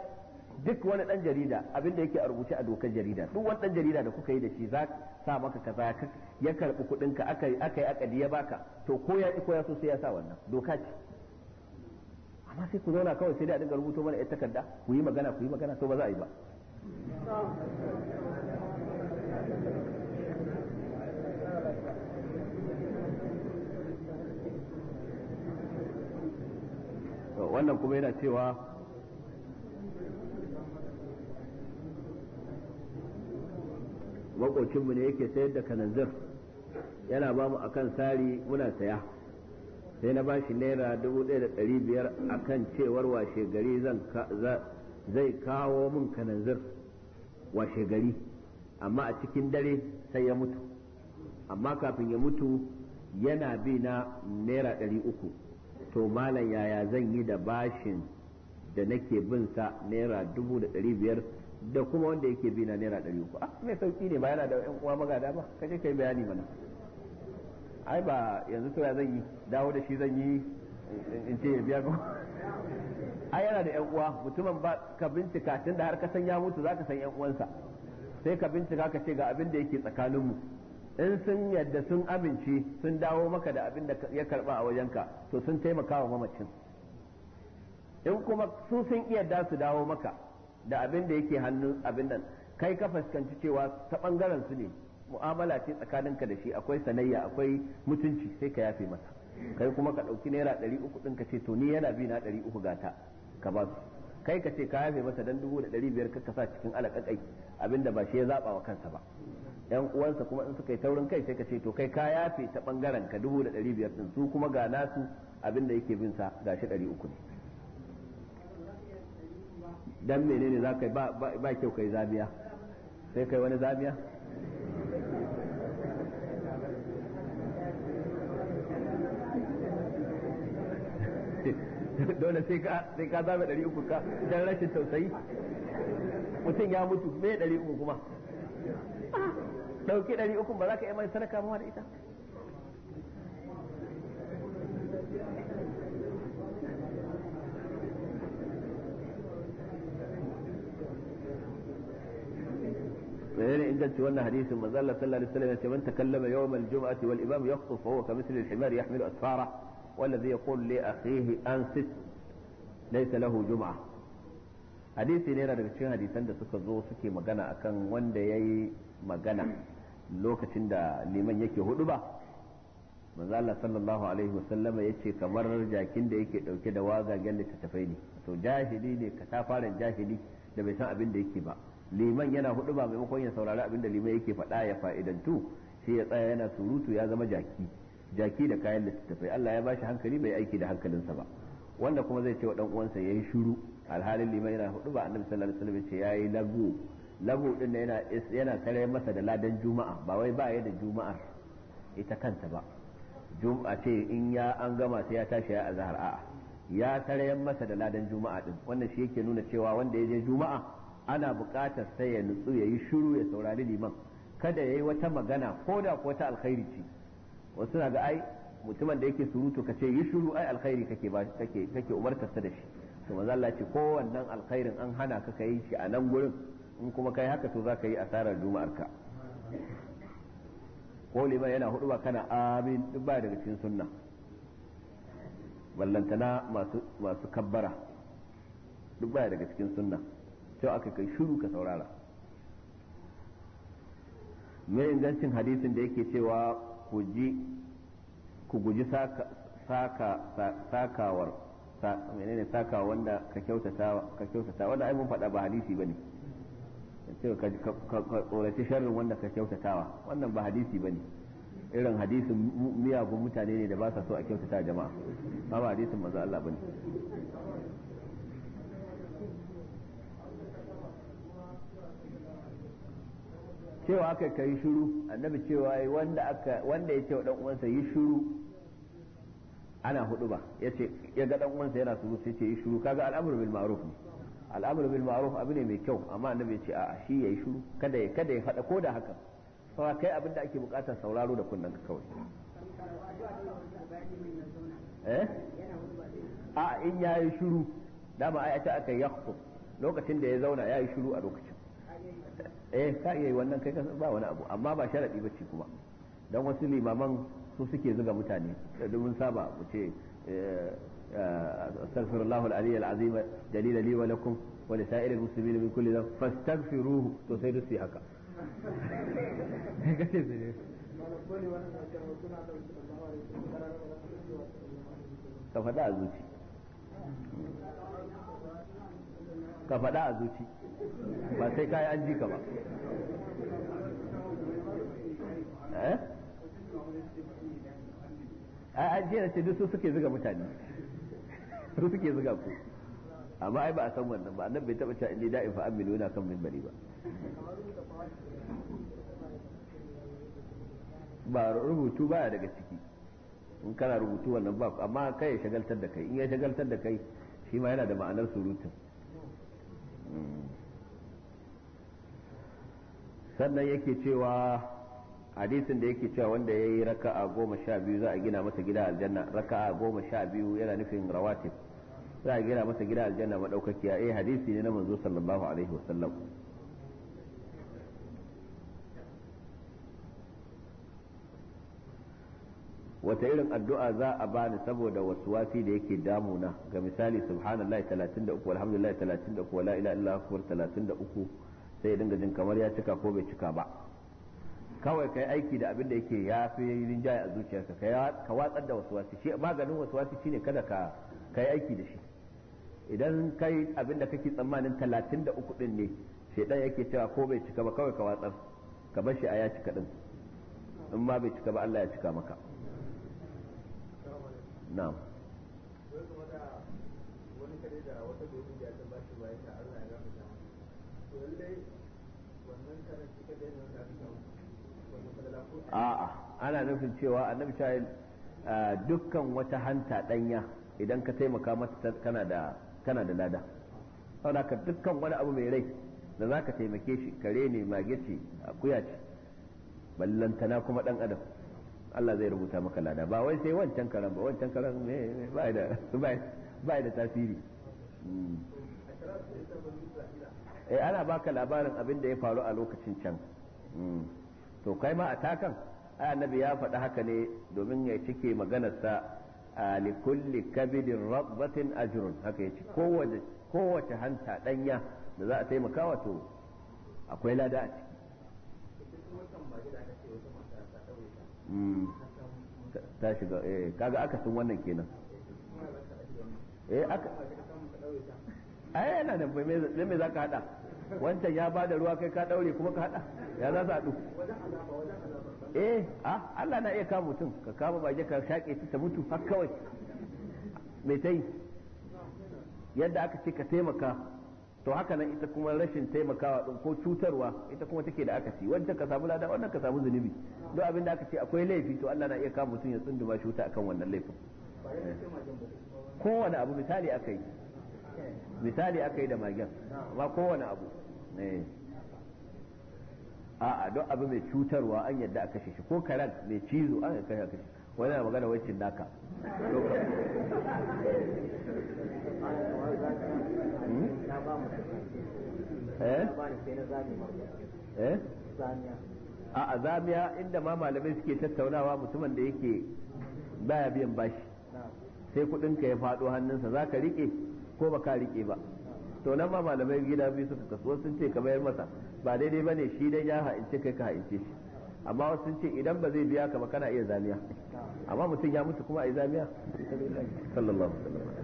duk wani ɗan jarida abin da yake a rubuce a dokar jarida duk wani ɗan jarida da kuka yi da shi za sa maka kaza ya karɓi kuɗin ka aka yi akadi ya baka to ko ya ko ya so sai ya sa wannan doka ce amma sai ku zauna kawai sai dai a dinga rubuto mana 'yan takarda ku yi magana ku yi magana to ba za a yi ba wannan kuma yana cewa makocinmu ne yake sayar da kananzir yana ba mu akan tsari muna saya sai na ba shi naira dubu ɗaya da ɗari biyar akan cewar washe gari zai kawo mun kananzir washe gari amma a cikin dare sai ya mutu amma kafin ya mutu yana bi na naira ɗari uku to malam yaya zan yi da bashin da nake bin sa naira dubu da ɗari biyar da kuma wanda yake bi na naira ɗari uku ah mai sauki ne ba yana da ƴan uwa magada ba ka kai bayani mana ai ba yanzu to ya zan yi dawo da shi zan yi in ce ya biya ko ai yana da ƴan uwa mutumin ba ka bincika tunda har ka san ya mutu zaka san ƴan uwansa sai ka bincika ka ce ga abin da yake tsakaninmu mu in sun yadda sun amince sun dawo maka da abin da ya karba a wajenka to sun taimaka wa mamacin in kuma su sun iya da su dawo maka da abin da yake hannun abin nan kai ka fuskanci cewa ta bangaren su ne mu'amala ce tsakaninka da shi akwai sanayya akwai mutunci sai ka yafe masa kai kuma ka ɗauki naira ɗari uku ɗin ka ce to ni yana bi na ɗari uku gata ka ba su kai ka ce ka yafe masa dan dubu da ɗari biyar ka sa cikin alaƙaƙai abinda ba shi ya zaɓa wa kansa ba yan uwansa kuma in suka yi taurin kai sai ka ce to kai ka yafe ta bangaren ka dubu da ɗari biyar din su kuma ga nasu abin da yake bin sa shi ɗari uku ne dan menene za ka ba ba kyau kai zabiya sai kai wani zabiya dole sai ka sai ka zabe ɗari uku ka dan rashin tausayi mutum ya mutu me ɗari uku kuma ɗauki ɗari uku ba za ka iya sadaka mawa da ita فهنا إن قلت وانا حديث ما زال صلى الله عليه وسلم من تكلم يوم الجمعة والإمام يخطف فهو كمثل الحمار يحمل أسفاره والذي يقول لأخيه أنست ليس له جمعة حديث نيرا رجل daga cikin hadisan زو سكى zo suke magana akan wanda ya lokacin da liman yake hudu ba manzo Allah sallallahu alaihi wasallam yace kamar jakin da yake dauke da wagagen littattafai ne to jahili ne ka fara jahili da bai san abin da yake ba liman yana hudu ba maimakon ya saurari abin da liman yake faɗa ya fa'idantu sai ya tsaya yana surutu ya zama jaki jaki da kayan littattafai Allah ya bashi hankali bai aiki da hankalinsa ba wanda kuma zai ce wa dan uwansa yayi shiru alhalin liman yana hudu ba annabi sallallahu alaihi wasallam ya ce yayi lagu lahu din yana yana sarai masa da ladan juma'a ba wai ba ya da juma'ar ita kanta ba juma'a ce in ya an gama sai ya tashi ya azhar a'a ya sarai masa da ladan juma'a din wannan shi yake nuna cewa wanda ya je juma'a ana buƙatar sai ya nutsu ya yi shiru ya saurari liman kada ya yi wata magana ko da ko ta alkhairi ce wasu na ga ai mutumin da yake surutu kace yi shiru ai alkhairi kake ba kake kake umartar da shi to manzo Allah ce ko alkhairin an hana ka kai shi a nan gurin in kuma kai haka to za ka yi asarar juma'arka ko liman yana hudu ba kana amin duk ba daga cikin sunna ballantana masu masu kabbara duk ba daga cikin sunna sai aka kai shiru ka saurara me ingancin hadisin da yake cewa ku ji ku guji saka sakawar menene saka wanda ka kyautata ka kyautata wanda ai mun faɗa ba hadisi bane ka tsoraci sharrin wanda ka kyautatawa wannan ba hadisi ba ne irin hadisin miyagun mutane ne da ba sa so a kyautata jama'a ba ba hadisin maza Allah ba ne cewa aka yi shuru annabi cewa yi wanda ya ce dan uwansa yi shuru ana hudu ba yace ya ga dan uwansa yana su sai ce yi shuru kaga al'amur bil ma'ruf ne al'amuru bil ma'ruf abu ne mai kyau amma annabi ya ce a shi yayi shiru kada ya kada ya fada ko da haka fa kai abin da ake bukata sauraro da kunnan ka kawai eh a in yayi shiru dama ai ta aka yakhu lokacin da ya zauna yayi shiru a lokacin eh ka yayi wannan kai ka ba wani abu amma ba sharadi bace kuma dan wasu limaman su suke zuga mutane domin saba mu ce eh, استغفر الله العلي العظيم جليل لي ولكم ولسائر المسلمين من كل ذنب فاستغفروه to sai duk haka ka faɗa a zuci ka faɗa a zuci ba sai kayi an ji ka ce duk suke zuga mutane su suke zuga ku amma ai ba a san wannan ba annabi bai taba cewa inni da'in fa amilu na kan minbari ba ba rubutu baya daga ciki in kana rubutu wannan ba amma kai ya shagaltar da kai in ya shagaltar da kai shi ma yana da ma'anar surutun mm. sannan yake cewa hadisin da yake cewa wanda ya yi raka'a goma sha biyu za a gina masa gida aljanna raka'a goma sha biyu yana nufin rawatib za a gina masa gida aljanna madaukakiya eh hadisi ne na manzo sallallahu alaihi wasallam wata irin addu'a za a bani saboda wasu wafi da yake damuna ga misali subhanallahi 33 alhamdulillahi 33 la ilaha talatin da 33 sai dinga jin kamar ya cika ko bai cika ba kawai kai aiki da abin da yake ya fi rinjaye a zuciyarka ka watsar da wasu shi maganin wasu shi shine kada ka kai aiki da shi idan kai abin da kake tsammanin talatin da uku din ne ɗan yake cewa ko bai cika ba kawai ka watsar ka bar shi a ya cika din in ma bai cika ba Allah ya cika maka na'am wani da wata a'a ana nufin cewa annabi ta dukkan wata hanta danya idan ka taimaka mata kana da kana da lada saboda ka dukkan wani abu mai rai da za ka taimake shi kare ne mage ce akuya ce ballantana kuma dan adam Allah zai rubuta maka lada ba wai sai wancan karan ba wancan karan bai da bai da tasiri hmm. eh ana baka labarin abin da ya faru a lokacin can hmm. to kai ma a takan ai annabi ya faɗi haka ne domin ya cike maganarsa a likulli kabidin rabbatin ajrun haka ya ci, kowace kowace hanta danya da za a taimaka wato akwai lada a ciki mm. ta shiga eh kaga wannan kenan eh aka ai yana nan me za ka hada wancan ya bada ruwa kai ka daure kuma ka hada ya za su haɗu eh a ah, Allah na iya kama mutum ka kama ba ka shaƙe ta mutu har kawai mai ta yi yadda aka ce ka taimaka to haka nan ita kuma rashin taimakawa ɗin ko cutarwa ita kuma take da aka ci wanda ka samu lada wannan ka samu zunubi duk abin da aka ce akwai laifi to Allah na iya kama mutum ya tsunduma shi wuta akan wannan laifin kowane abu misali aka yi misali aka yi da magen amma kowane abu eh. a'a don abu mai cutarwa an yadda a kashe shi ko karan mai cizo an yadda a kashe wani na magana wancin naka hmm? eh? eh? a zamiya inda ma malamai suke tattaunawa mutumin da yake baya biyan bashi sai kudinka ya faɗo hannunsa za ka riƙe ko ba ka riƙe ba to nan ma malamai gida biyu suka kasu wasu sun ce ka bayar masa ba daidai bane shi dan ya ha'ince kai ka ha'ince shi amma wasu sun ce idan ba zai biya ka ba kana iya zamiya amma mutum ya mutu kuma a yi zamiya sallallahu alaihi wasallam